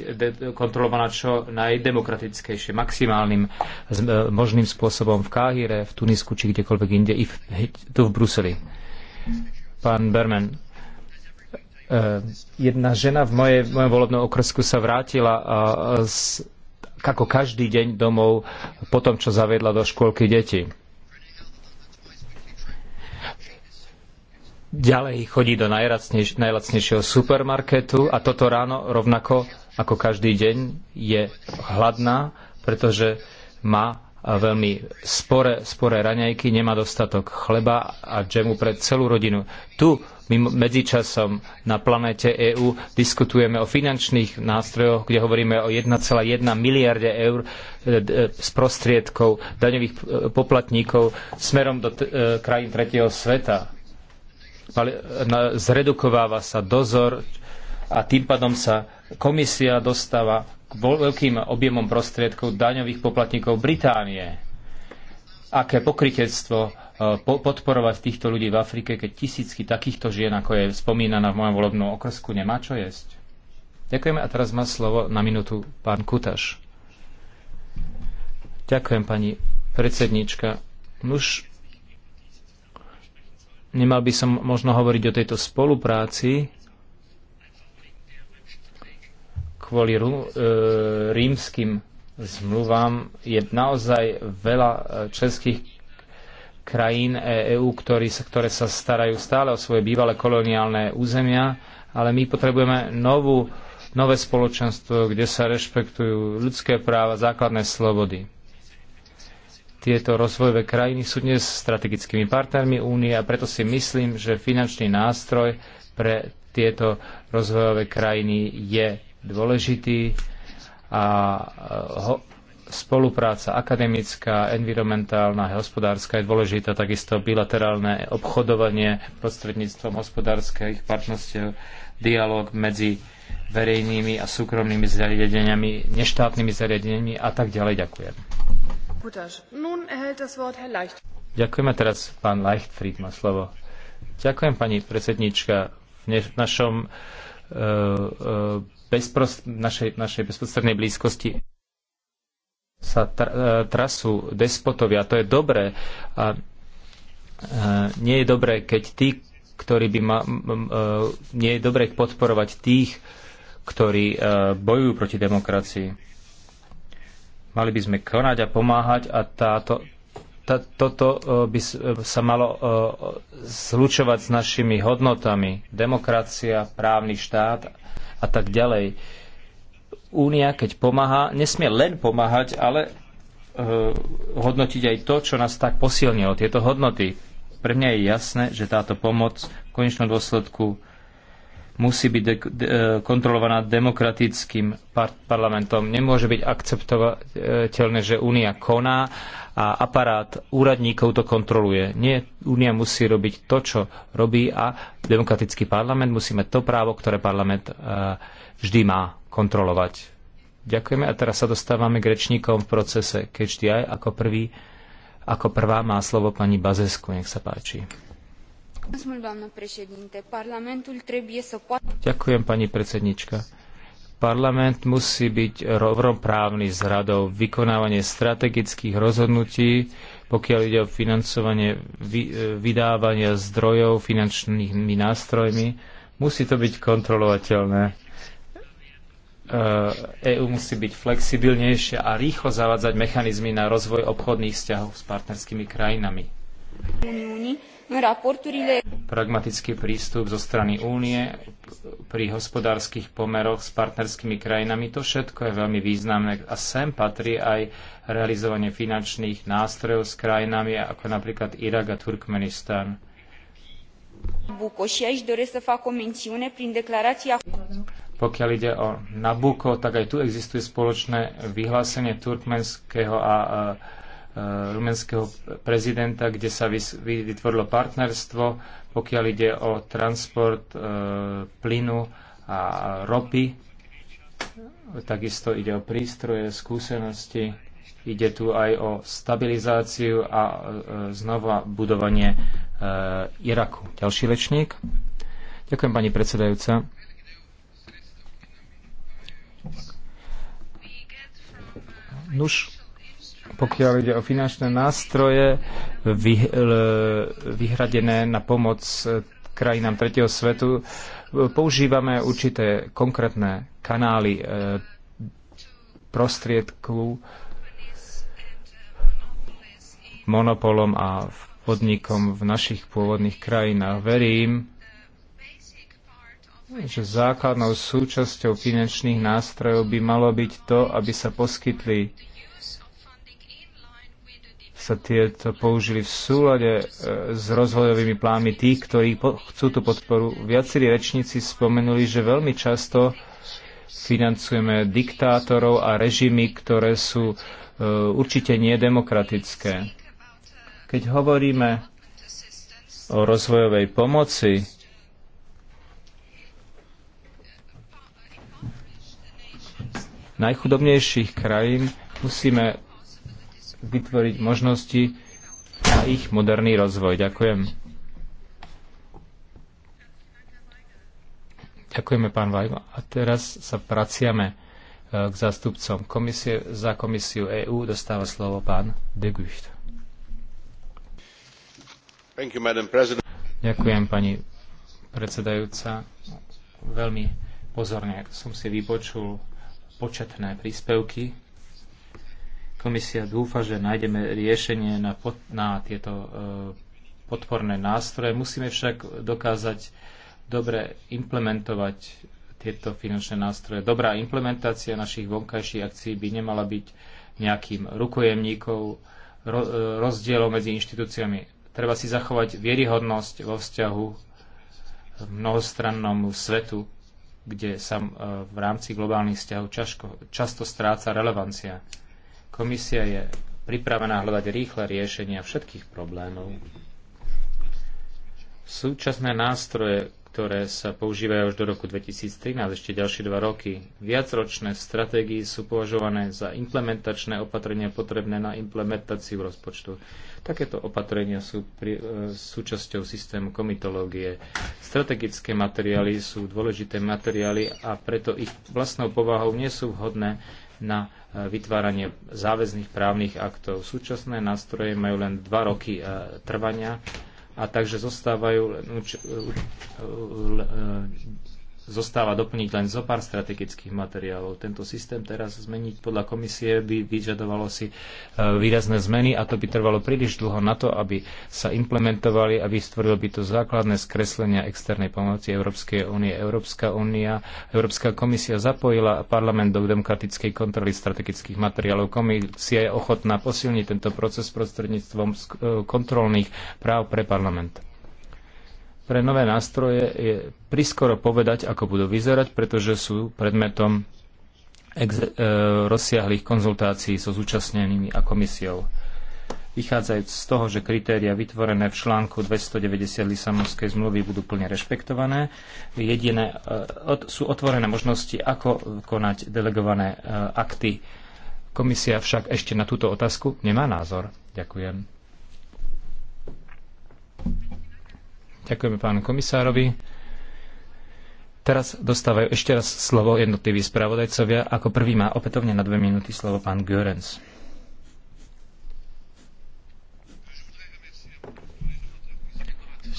kontrolovaná čo najdemokratickejšie, maximálnym e, možným spôsobom v Káhire, v Tunisku či kdekoľvek inde, i v, tu v Bruseli. Pán Berman, e, jedna žena v moje, mojom volebnom okresku sa vrátila a, e, a s, ako každý deň domov po tom, čo zavedla do škôlky deti ďalej chodí do najlacnejš- najlacnejšieho supermarketu a toto ráno rovnako ako každý deň je hladná, pretože má veľmi spore, spore raňajky, nemá dostatok chleba a džemu pre celú rodinu. Tu my medzičasom na planete EÚ diskutujeme o finančných nástrojoch, kde hovoríme o 1,1 miliarde eur e, e, z prostriedkov daňových e, poplatníkov smerom do krajín tretieho sveta zredukováva sa dozor a tým pádom sa komisia dostáva k veľkým objemom prostriedkov daňových poplatníkov Británie. Aké pokritectvo e, podporovať týchto ľudí v Afrike, keď tisícky takýchto žien, ako je spomínaná v mojom volebnom okrsku, nemá čo jesť? Ďakujeme a teraz má slovo na minútu pán Kutaš. Ďakujem, pani predsednička. Nuž, nemal by som možno hovoriť o tejto spolupráci kvôli rú, e, rímským zmluvám. Je naozaj veľa e, českých krajín EÚ, e ktoré sa starajú stále o svoje bývalé koloniálne územia, ale my potrebujeme novú, nové spoločenstvo, kde sa rešpektujú ľudské práva, základné slobody. Tieto rozvojové krajiny sú dnes strategickými partnermi únie a preto si myslím, že finančný nástroj pre tieto rozvojové krajiny je dôležitý a eh, ho, spolupráca akademická, environmentálna a hospodárska je dôležitá, takisto bilaterálne obchodovanie prostredníctvom hospodárskych partnerstiev, dialog medzi verejnými a súkromnými zariadeniami, neštátnymi zariadeniami a tak ďalej. Ďakujem. Ďakujeme teraz pán Leichtfried má slovo. Ďakujem pani predsednička. V našom, e, e, bezprost, našej, našej bezprostrednej blízkosti sa tra, e, trasú despotovia. To je dobré. A, e, nie je dobré, keď tí, ktorí by ma, e, nie je dobré podporovať tých, ktorí e, bojujú proti demokracii Mali by sme konať a pomáhať a táto, tá, toto e, by e, sa malo e, zlučovať s našimi hodnotami. Demokracia, právny štát a tak ďalej. Únia, keď pomáha, nesmie len pomáhať, ale hodnotiť aj to, čo nás tak posilnilo, tieto hodnoty. Pre mňa je jasné, že táto pomoc v konečnom dôsledku musí byť de- de- kontrolovaná demokratickým par- parlamentom. Nemôže byť akceptovateľné, že Únia koná a aparát úradníkov to kontroluje. Nie, Únia musí robiť to, čo robí a demokratický parlament musí mať to právo, ktoré parlament e, vždy má kontrolovať. Ďakujeme a teraz sa dostávame k rečníkom v procese KHDI. Ako, prvý, ako prvá má slovo pani Bazesku. Nech sa páči. Ďakujem, pani predsednička. Parlament musí byť rovnoprávny s radou. Vykonávanie strategických rozhodnutí, pokiaľ ide o financovanie vydávania zdrojov finančnými nástrojmi, musí to byť kontrolovateľné. EÚ e musí byť flexibilnejšia a rýchlo zavádzať mechanizmy na rozvoj obchodných vzťahov s partnerskými krajinami în raporturile... Pragmatický prístup zo strany únie pri hospodárskych pomeroch s partnerskými krajinami, to všetko je veľmi významné a sem patrí aj realizovanie finančných nástrojov s krajinami ako napríklad Irak a Turkmenistan. doresc să fac o mențiune prin declarația pokiaľ ide o Nabuko, tak aj tu existuje spoločné vyhlásenie turkmenského a, rumenského prezidenta, kde sa vytvorilo partnerstvo, pokiaľ ide o transport e, plynu a ropy. Takisto ide o prístroje, skúsenosti. Ide tu aj o stabilizáciu a e, znova budovanie e, Iraku. Ďalší rečník. Ďakujem, pani predsedajúca. Nuž, pokiaľ ide o finančné nástroje vy, vyhradené na pomoc e, krajinám tretieho svetu, e, používame určité konkrétne kanály e, prostriedku monopolom a podnikom v našich pôvodných krajinách. Verím, že základnou súčasťou finančných nástrojov by malo byť to, aby sa poskytli sa tieto použili v súlade e, s rozvojovými plámy tých, ktorí chcú tú podporu. Viacerí rečníci spomenuli, že veľmi často financujeme diktátorov a režimy, ktoré sú e, určite nedemokratické. Keď hovoríme o rozvojovej pomoci, najchudobnejších krajín musíme vytvoriť možnosti na ich moderný rozvoj. Ďakujem. Ďakujeme, pán Vajgo. A teraz sa praciame e, k zástupcom komisie. Za komisiu EÚ dostáva slovo pán De Gucht. Ďakujem, pani predsedajúca. Veľmi pozorne som si vypočul početné príspevky Komisia dúfa, že nájdeme riešenie na, pod, na tieto e, podporné nástroje. Musíme však dokázať dobre implementovať tieto finančné nástroje. Dobrá implementácia našich vonkajších akcií by nemala byť nejakým rukojemníkom, ro, e, rozdielom medzi inštitúciami. Treba si zachovať vieryhodnosť vo vzťahu v mnohostrannom svetu, kde sa e, v rámci globálnych vzťahov často stráca relevancia. Komisia je pripravená hľadať rýchle riešenia všetkých problémov. Súčasné nástroje, ktoré sa používajú až do roku 2013, ešte ďalšie dva roky, viacročné stratégie sú považované za implementačné opatrenia potrebné na implementáciu rozpočtu. Takéto opatrenia sú pri, e, súčasťou systému komitológie. Strategické materiály sú dôležité materiály a preto ich vlastnou povahou nie sú vhodné na e, vytváranie záväzných právnych aktov. Súčasné nástroje majú len 2 roky e, trvania a takže zostávajú e, zostáva doplniť len zo pár strategických materiálov. Tento systém teraz zmeniť podľa komisie by vyžadovalo si e, výrazné zmeny a to by trvalo príliš dlho na to, aby sa implementovali a vystvorilo by to základné skreslenia externej pomoci Európskej únie. Európska únia, Európska komisia zapojila parlament do demokratickej kontroly strategických materiálov. Komisia je ochotná posilniť tento proces prostredníctvom e, kontrolných práv pre parlament pre nové nástroje je priskoro povedať, ako budú vyzerať, pretože sú predmetom exe- rozsiahlých konzultácií so zúčastnenými a komisiou. Vychádzajúc z toho, že kritéria vytvorené v článku 290 Lisabonskej zmluvy budú plne rešpektované, jediné, e, sú otvorené možnosti, ako konať delegované e, akty. Komisia však ešte na túto otázku nemá názor. Ďakujem. Ďakujeme pánu komisárovi. Teraz dostávajú ešte raz slovo jednotliví spravodajcovia. Ako prvý má opätovne na dve minúty slovo pán Görens.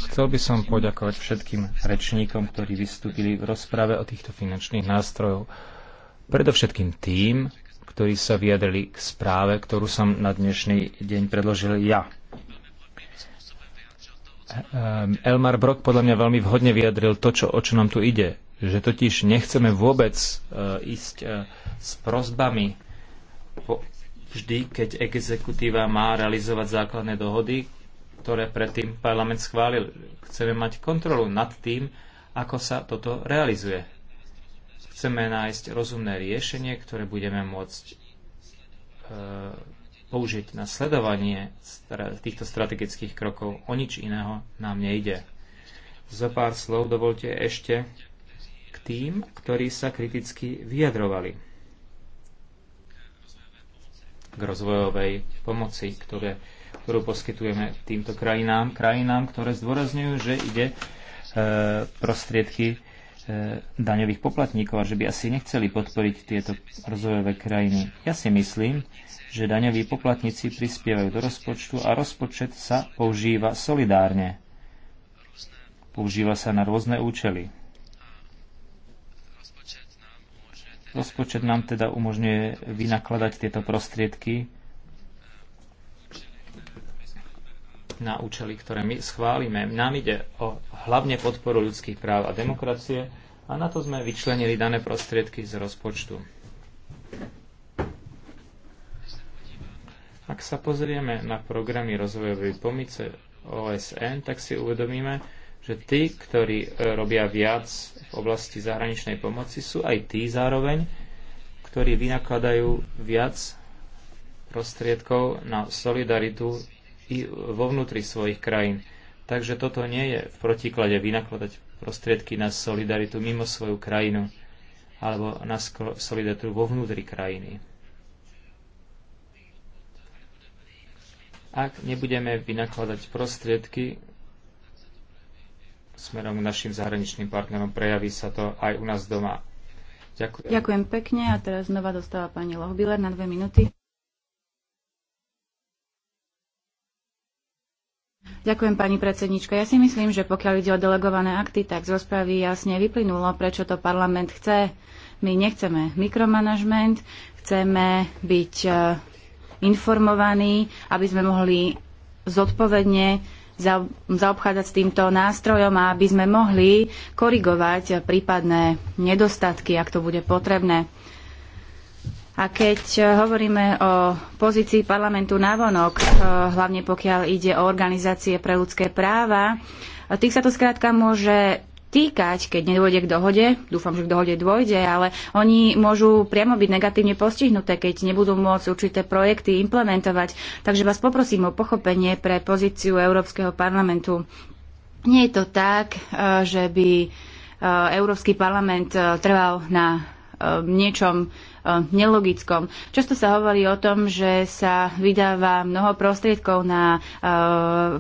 Chcel by som poďakovať všetkým rečníkom, ktorí vystúpili v rozprave o týchto finančných nástrojov. Predovšetkým tým, ktorí sa vyjadrili k správe, ktorú som na dnešný deň predložil ja. Ehm, Elmar Brock podľa mňa veľmi vhodne vyjadril to, čo, o čo nám tu ide. Že totiž nechceme vôbec eh, ísť eh, s prosbami vždy, keď exekutíva má realizovať základné dohody, ktoré predtým parlament schválil. Chceme mať kontrolu nad tým, ako sa toto realizuje. Chceme nájsť rozumné riešenie, ktoré budeme môcť eh, použiť na sledovanie týchto strategických krokov. O nič iného nám nejde. Za pár slov dovolte ešte k tým, ktorí sa kriticky vyjadrovali k rozvojovej pomoci, ktoré, ktorú poskytujeme týmto krajinám, krajinám, ktoré zdôrazňujú, že ide e, prostriedky E, daňových poplatníkov a že by asi nechceli podporiť tieto rozvojové krajiny. Ja si myslím, že daňoví poplatníci prispievajú do rozpočtu a rozpočet sa používa solidárne. Používa sa na rôzne účely. Rozpočet nám teda umožňuje vynakladať tieto prostriedky na účely, ktoré my schválime. Nám ide o hlavne podporu ľudských práv a demokracie a na to sme vyčlenili dané prostriedky z rozpočtu. Ak sa pozrieme na programy rozvojovej pomice OSN, tak si uvedomíme, že tí, ktorí e, robia viac v oblasti zahraničnej pomoci, sú aj tí zároveň, ktorí vynakladajú viac prostriedkov na solidaritu i vo vnútri svojich krajín. Takže toto nie je v protiklade vynakladať prostriedky na solidaritu mimo svoju krajinu alebo na solidaritu vo vnútri krajiny. Ak nebudeme vynakladať prostriedky smerom k našim zahraničným partnerom, prejaví sa to aj u nás doma. Ďakujem. Ďakujem pekne a teraz znova dostáva pani Lohbiller na dve minúty. Ďakujem, pani predsednička. Ja si myslím, že pokiaľ ide o delegované akty, tak z rozpravy jasne vyplynulo, prečo to parlament chce. My nechceme mikromanagement, chceme byť e, informovaní, aby sme mohli zodpovedne zaobchádzať s týmto nástrojom a aby sme mohli korigovať prípadné nedostatky, ak to bude potrebné. A keď e, hovoríme o pozícii parlamentu navonok, e, hlavne pokiaľ ide o organizácie pre ľudské práva, tých sa to skrátka môže týkať, keď nedôjde k dohode, dúfam, že k dohode dôjde, ale oni môžu priamo byť negatívne postihnuté, keď nebudú môcť určité projekty implementovať. Takže vás poprosím o pochopenie pre pozíciu Európskeho parlamentu. Nie je to tak, e, že by Európsky parlament trval na niečom, Eh, nelogickom. Často sa hovorí o tom, že sa vydáva mnoho prostriedkov na eh,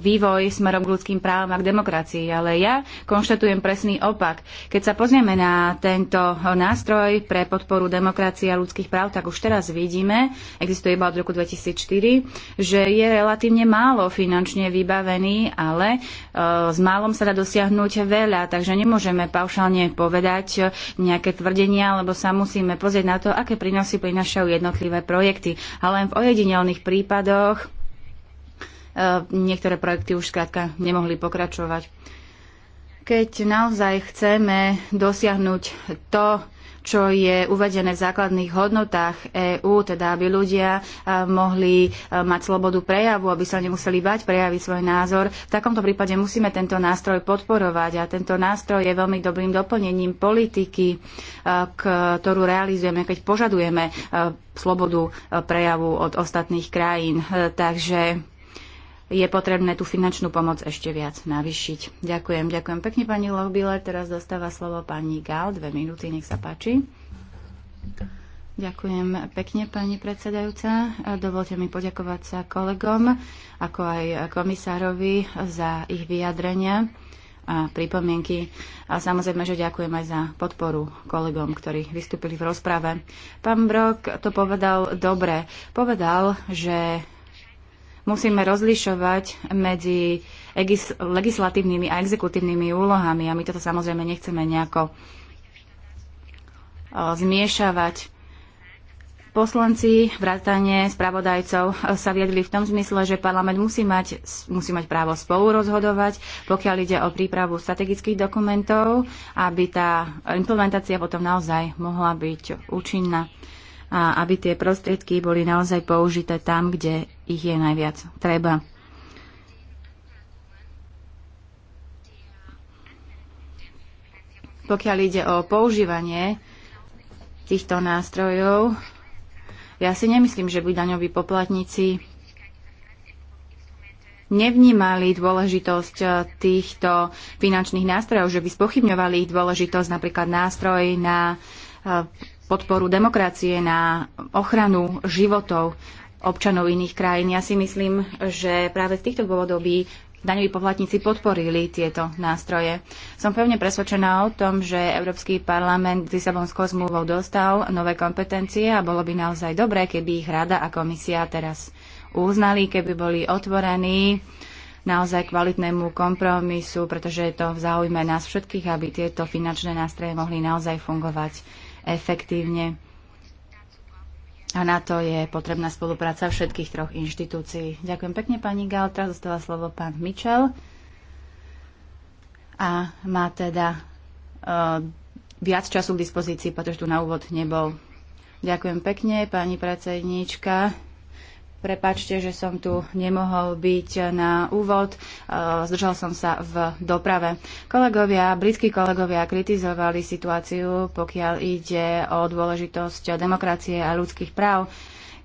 vývoj smerom k ľudským právom a k demokracii, ale ja konštatujem presný opak. Keď sa pozrieme na tento nástroj pre podporu demokracie a ľudských práv, tak už teraz vidíme, existuje iba od roku 2004, že je relatívne málo finančne vybavený, ale eh, s málom sa dá dosiahnuť veľa, takže nemôžeme paušálne povedať nejaké tvrdenia, lebo sa musíme pozrieť na to, aké aké prínosy prinašajú jednotlivé projekty. Ale len v ojedinelných prípadoch e, niektoré projekty už skrátka nemohli pokračovať. Keď naozaj chceme dosiahnuť to, čo je uvedené v základných hodnotách EÚ, teda aby ľudia mohli mať slobodu prejavu, aby sa nemuseli bať prejaviť svoj názor. V takomto prípade musíme tento nástroj podporovať a tento nástroj je veľmi dobrým doplnením politiky, ktorú realizujeme, keď požadujeme slobodu prejavu od ostatných krajín. E, takže je potrebné tú finančnú pomoc ešte viac navyšiť. Ďakujem, ďakujem pekne pani Lovbile. Teraz dostáva slovo pani Gál. Dve minúty, nech sa páči. Ďakujem pekne, pani predsedajúca. Dovolte mi poďakovať sa kolegom, ako aj komisárovi za ich vyjadrenia a pripomienky. A samozrejme, že ďakujem aj za podporu kolegom, ktorí vystúpili v rozprave. Pán Brok to povedal dobre. Povedal, že musíme rozlišovať medzi legislatívnymi a exekutívnymi úlohami a my toto samozrejme nechceme nejako e, zmiešavať. Poslanci, vrátane spravodajcov e, sa viedli v tom zmysle, že parlament musí mať, musí mať právo spolu rozhodovať, pokiaľ ide o prípravu strategických dokumentov, aby tá implementácia potom naozaj mohla byť účinná a aby tie prostriedky boli naozaj použité tam, kde ich je najviac treba. Pokiaľ ide o používanie týchto nástrojov, ja si nemyslím, že by daňoví poplatníci nevnímali dôležitosť eh, týchto finančných nástrojov, že by spochybňovali ich dôležitosť, napríklad nástroj na eh, podporu demokracie, na ochranu životov občanov iných krajín. Ja si myslím, že práve z týchto dôvodov by daňoví poplatníci podporili tieto nástroje. Som pevne presvedčená o tom, že Európsky parlament s Lisabonskou zmluvou dostal nové kompetencie a bolo by naozaj dobré, keby ich rada a komisia teraz uznali, keby boli otvorení naozaj kvalitnému kompromisu, pretože je to v záujme nás všetkých, aby tieto finančné nástroje mohli naozaj fungovať efektívne. A na to je potrebná spolupráca všetkých troch inštitúcií. Ďakujem pekne, pani Galtra, Teraz zostáva slovo pán Mičel. A má teda uh, viac času k dispozícii, pretože tu na úvod nebol. Ďakujem pekne, pani predsedníčka. Prepačte, že som tu nemohol byť na úvod. E, zdržal som sa v doprave. Kolegovia, britskí kolegovia kritizovali situáciu, pokiaľ ide o dôležitosť demokracie a ľudských práv.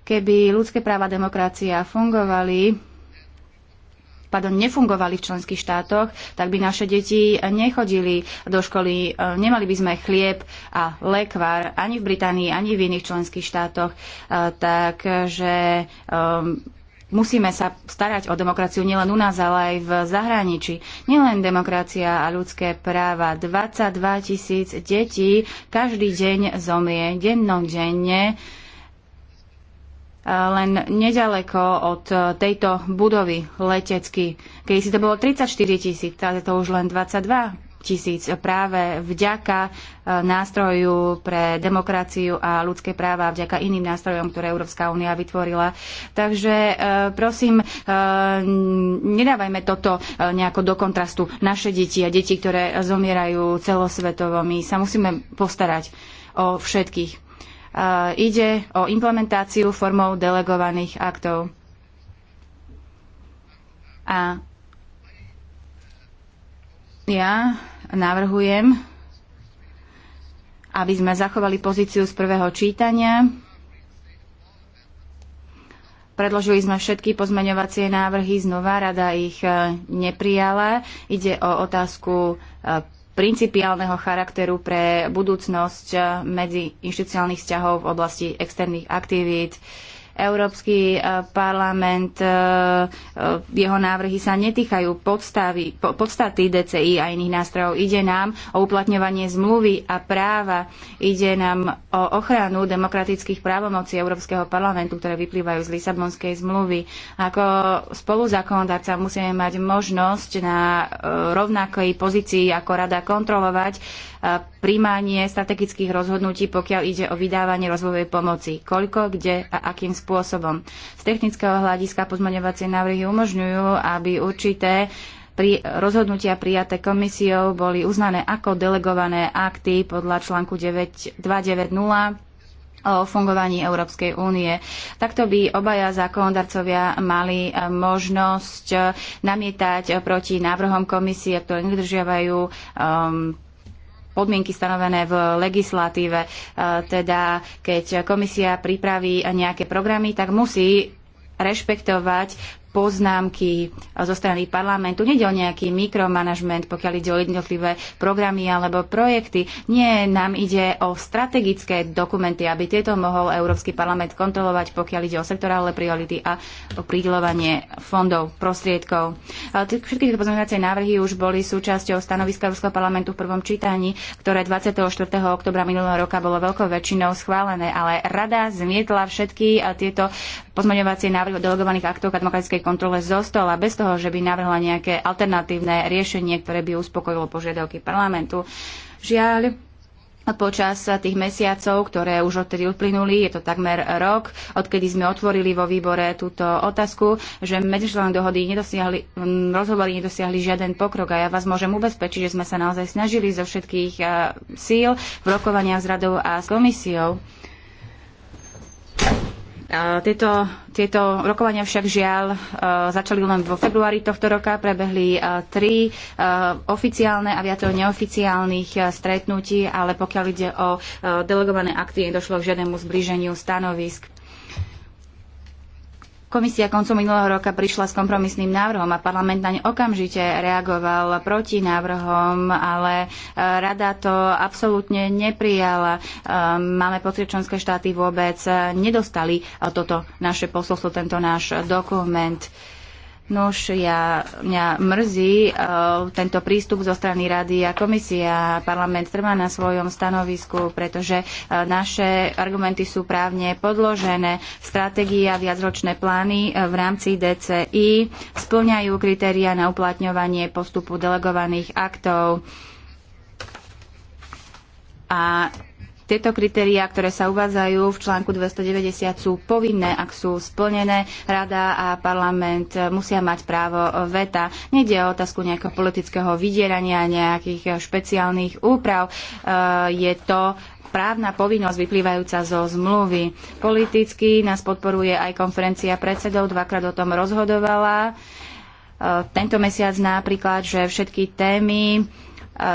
Keby ľudské práva a demokracia fungovali, pardon, nefungovali v členských štátoch, tak by naše deti nechodili do školy, e, nemali by sme chlieb a lekvár ani v Británii, ani v iných členských štátoch. E, takže um, musíme sa starať o demokraciu nielen u nás, ale aj v zahraničí. Nielen demokracia a ľudské práva. 22 tisíc detí každý deň zomrie dennodenne. denne len nedaleko od e, tejto budovy letecky. Keď si to bolo 34 tisíc, teraz je to už len 22 tisíc práve vďaka e, nástroju pre demokraciu a ľudské práva, vďaka iným nástrojom, ktoré Európska únia vytvorila. Takže e, prosím, nedávajme toto nejako do kontrastu. Naše deti a deti, ktoré zomierajú celosvetovo, my sa musíme postarať o všetkých ide o implementáciu formou delegovaných aktov. A ja navrhujem, aby sme zachovali pozíciu z prvého čítania. Predložili sme všetky pozmeňovacie návrhy znova, rada ich e, neprijala. Ide o otázku e, principiálneho charakteru pre budúcnosť eh, medzi inštitucionálnych vzťahov v oblasti externých aktivít, uh, Európsky e, parlament, e, e, jeho návrhy sa netýkajú podstavy, podstaty DCI a iných nástrojov. Ide nám o uplatňovanie zmluvy a práva. Ide nám o ochranu demokratických právomocí Európskeho parlamentu, ktoré vyplývajú z Lisabonskej zmluvy. Ako spoluzakonodárca musíme mať možnosť na rovnakej pozícii ako rada kontrolovať príjmanie strategických rozhodnutí, pokiaľ ide o vydávanie rozvojovej pomoci. Koľko, kde a akým spôsobom spôsobom. Z technického hľadiska pozmaňovacie návrhy umožňujú, aby určité pri rozhodnutia prijaté komisiou boli uznané ako delegované akty podľa článku 9, 290 o fungovaní Európskej únie. Takto by obaja zákonodarcovia mali e, možnosť e, namietať e, proti návrhom komisie, ktoré nedržiavajú um, podmienky stanovené v legislatíve. E, teda keď komisia pripraví nejaké programy, tak musí rešpektovať poznámky zo strany parlamentu. Nede o nejaký mikromanagement, pokiaľ ide o jednotlivé programy alebo projekty. Nie, nám ide o strategické dokumenty, aby tieto mohol Európsky parlament kontrolovať, pokiaľ ide o sektorálne priority a o pridelovanie fondov, prostriedkov. Všetky tieto pozmeňovacie návrhy už boli súčasťou stanoviska Európskeho parlamentu v prvom čítaní, ktoré 24. oktobra minulého roka bolo veľkou väčšinou schválené, ale rada zmietla všetky tieto pozmeňovacie návrhy o delegovaných aktoch a demokratickej tej kontrole zostala bez toho, že by navrhla nejaké alternatívne riešenie, ktoré by uspokojilo požiadavky parlamentu. Žiaľ, počas tých mesiacov, ktoré už odtedy uplynuli, je to takmer rok, odkedy sme otvorili vo výbore túto otázku, že medzištátne dohody nedosiahli, rozhovory nedosiahli žiaden pokrok a ja vás môžem ubezpečiť, že sme sa naozaj snažili zo všetkých e, síl v rokovaniach s radou a s komisiou. Tieto, tieto rokovania však žiaľ e, začali len vo februári tohto roka, prebehli e, tri e, oficiálne a viacero neoficiálnych stretnutí, ale pokiaľ ide o delegované akty, nedošlo k žiadnemu zbliženiu stanovisk. Komisia koncom minulého roka prišla s kompromisným návrhom a parlament naň okamžite reagoval proti návrhom, ale e, rada to absolútne neprijala. E, máme pocit, členské štáty vôbec e, nedostali toto naše posolstvo, tento náš dokument. Nož, ja, mňa mrzí uh, tento prístup zo strany Rady a komisia. Parlament trvá na svojom stanovisku, pretože uh, naše argumenty sú právne podložené. Stratégia, viacročné plány uh, v rámci DCI splňajú kritéria na uplatňovanie postupu delegovaných aktov. A tieto kritériá, ktoré sa uvádzajú v článku 290, sú povinné, ak sú splnené. Rada a parlament musia mať právo veta. Nejde o otázku nejakého politického vydierania, nejakých špeciálnych úprav. E, je to právna povinnosť vyplývajúca zo zmluvy. Politicky nás podporuje aj konferencia predsedov, dvakrát o tom rozhodovala. E, tento mesiac napríklad, že všetky témy e,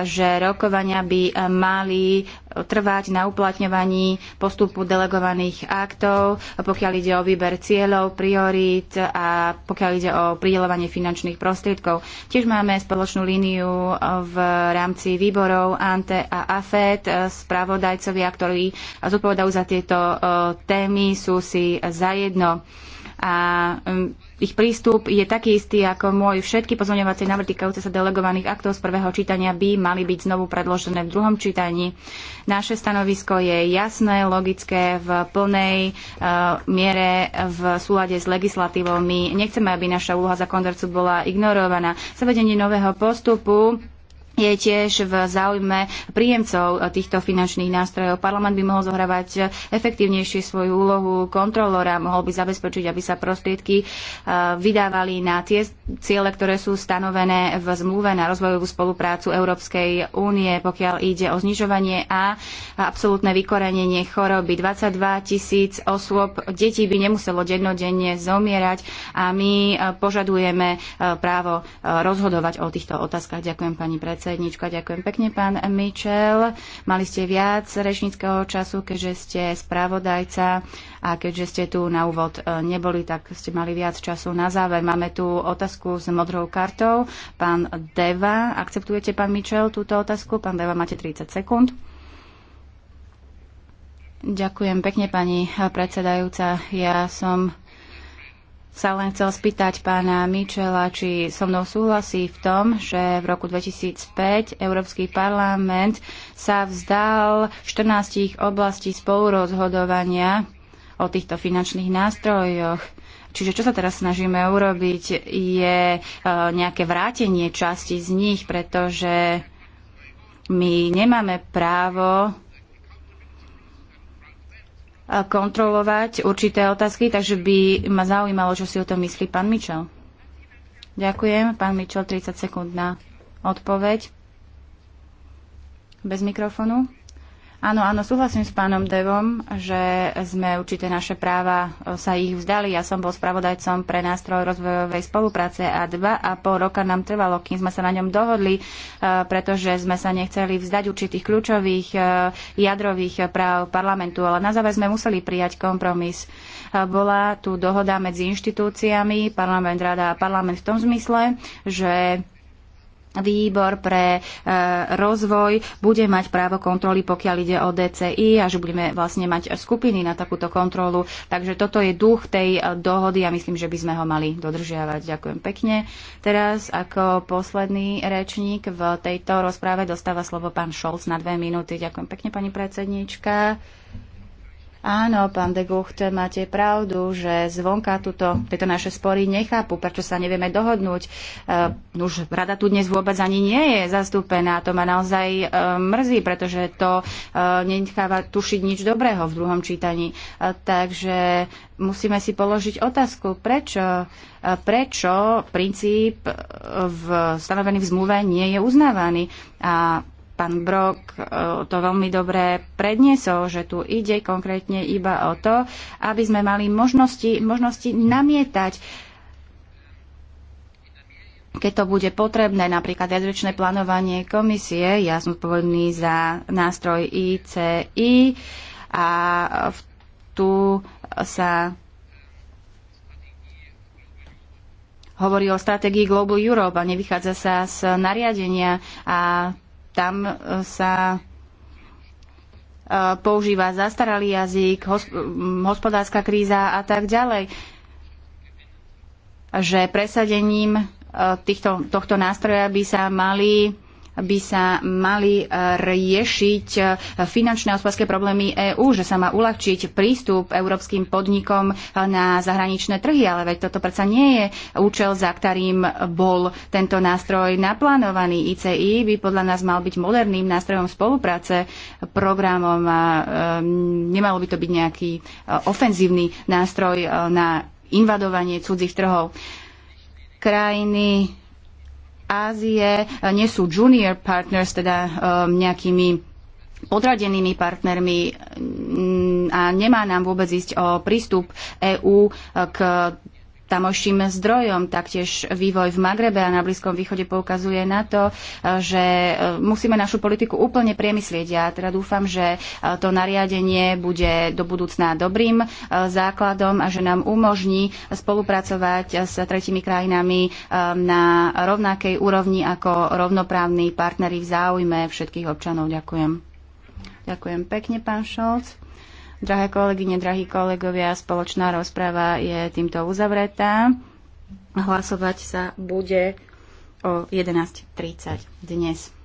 že rokovania by mali trvať na uplatňovaní postupu delegovaných aktov, pokiaľ ide o výber cieľov, priorít a pokiaľ ide o pridelovanie finančných prostriedkov. Tiež máme spoločnú líniu v rámci výborov ANTE a AFET. Spravodajcovia, ktorí zodpovedajú za tieto eh, témy, sú si zajedno. A hm, ich prístup je taký istý ako môj. Všetky pozmeňovacie návrhy týkajúce sa delegovaných aktov z prvého čítania by mali byť znovu predložené v druhom čítaní. Naše stanovisko je jasné, logické, v plnej uh, miere v súlade s legislatívou. My nechceme, aby naša úloha za bola ignorovaná. Zavedenie nového postupu je tiež v záujme príjemcov týchto finančných nástrojov. Parlament by mohol zohrávať efektívnejšie svoju úlohu kontrolora, mohol by zabezpečiť, aby sa prostriedky e, vydávali na tie ciele, ktoré sú stanovené v zmluve na rozvojovú spoluprácu Európskej únie, pokiaľ ide o znižovanie a absolútne vykorenenie choroby. 22 tisíc osôb, detí by nemuselo dennodenne zomierať a my e, požadujeme e, právo rozhodovať o týchto otázkach. Ďakujem pani predsedníčka predsednička. Ďakujem pekne, pán Mitchell. Mali ste viac rečníckého času, keďže ste spravodajca a keďže ste tu na úvod e, neboli, tak ste mali viac času na záver. Máme tu otázku s modrou kartou. Pán Deva, akceptujete, pán Mitchell, túto otázku? Pán Deva, máte 30 sekúnd. Ďakujem pekne, pani predsedajúca. Ja som sa len chcel spýtať pána Mičela, či so mnou súhlasí v tom, že v roku 2005 Európsky parlament sa vzdal 14 oblastí spolurozhodovania o týchto finančných nástrojoch. Čiže čo sa teraz snažíme urobiť, je e, nejaké vrátenie časti z nich, pretože my nemáme právo kontrolovať určité otázky, takže by ma zaujímalo, čo si o tom myslí pán Mičel. Ďakujem. Pán Mičel, 30 sekúnd na odpoveď. Bez mikrofonu. Áno, áno, súhlasím s pánom Devom, že sme určité naše práva e, sa ich vzdali. Ja som bol spravodajcom pre nástroj rozvojovej spolupráce a dva a pol roka nám trvalo, kým sme sa na ňom dohodli, e, pretože sme sa nechceli vzdať určitých kľúčových e, jadrových práv parlamentu, ale na záver sme museli prijať kompromis. Bola tu dohoda medzi inštitúciami, parlament, rada a parlament v tom zmysle, že výbor pre e, rozvoj bude mať právo kontroly, pokiaľ ide o DCI a že budeme vlastne mať skupiny na takúto kontrolu. Takže toto je duch tej e, dohody a myslím, že by sme ho mali dodržiavať. Ďakujem pekne. Teraz ako posledný rečník v tejto rozpráve dostáva slovo pán Šolc na dve minúty. Ďakujem pekne, pani predsedníčka. Áno, pán de Gucht, máte pravdu, že zvonka tuto, tieto naše spory nechápu, prečo sa nevieme dohodnúť. Uh, už rada tu dnes vôbec ani nie je zastúpená. To ma naozaj uh, mrzí, pretože to uh, nenecháva tušiť nič dobrého v druhom čítaní. Uh, takže musíme si položiť otázku, prečo, uh, prečo princíp v, stanovený v zmluve nie je uznávaný. A pán Brok e, to veľmi dobre predniesol, že tu ide konkrétne iba o to, aby sme mali možnosti, možnosti namietať keď to bude potrebné, napríklad jadročné plánovanie komisie, ja som povedný za nástroj ICI a v, tu sa hovorí o stratégii Global Europe a nevychádza sa z nariadenia a tam e, sa e, používa zastaralý jazyk, hospodárska kríza a tak ďalej, že presadením e, týchto, tohto nástroja by sa mali by sa mali e, riešiť e, finančné a hospodárske problémy EÚ, že sa má uľahčiť prístup európskym podnikom e, na zahraničné trhy, ale veď toto predsa nie je účel, za ktorým bol tento nástroj naplánovaný. ICI by podľa nás mal byť moderným nástrojom spolupráce, programom a nemalo by to byť nejaký ofenzívny nástroj na invadovanie cudzích trhov. Krajiny Ázie nie sú junior partners, teda um, nejakými podradenými partnermi mm, a nemá nám vôbec ísť o prístup EÚ k tamoším zdrojom. Taktiež vývoj v Magrebe a na Blízkom východe poukazuje na to, e, že e, musíme našu politiku úplne priemyslieť. Ja teda dúfam, že e, to nariadenie bude do budúcna dobrým základom a že nám umožní spolupracovať s tretimi krajinami na rovnakej úrovni ako rovnoprávni partneri v záujme všetkých občanov. Ďakujem. Ďakujem pekne, pán Šolc. Drahé kolegyne, drahí kolegovia, spoločná rozprava je týmto uzavretá. Hlasovať sa bude o 11.30 dnes.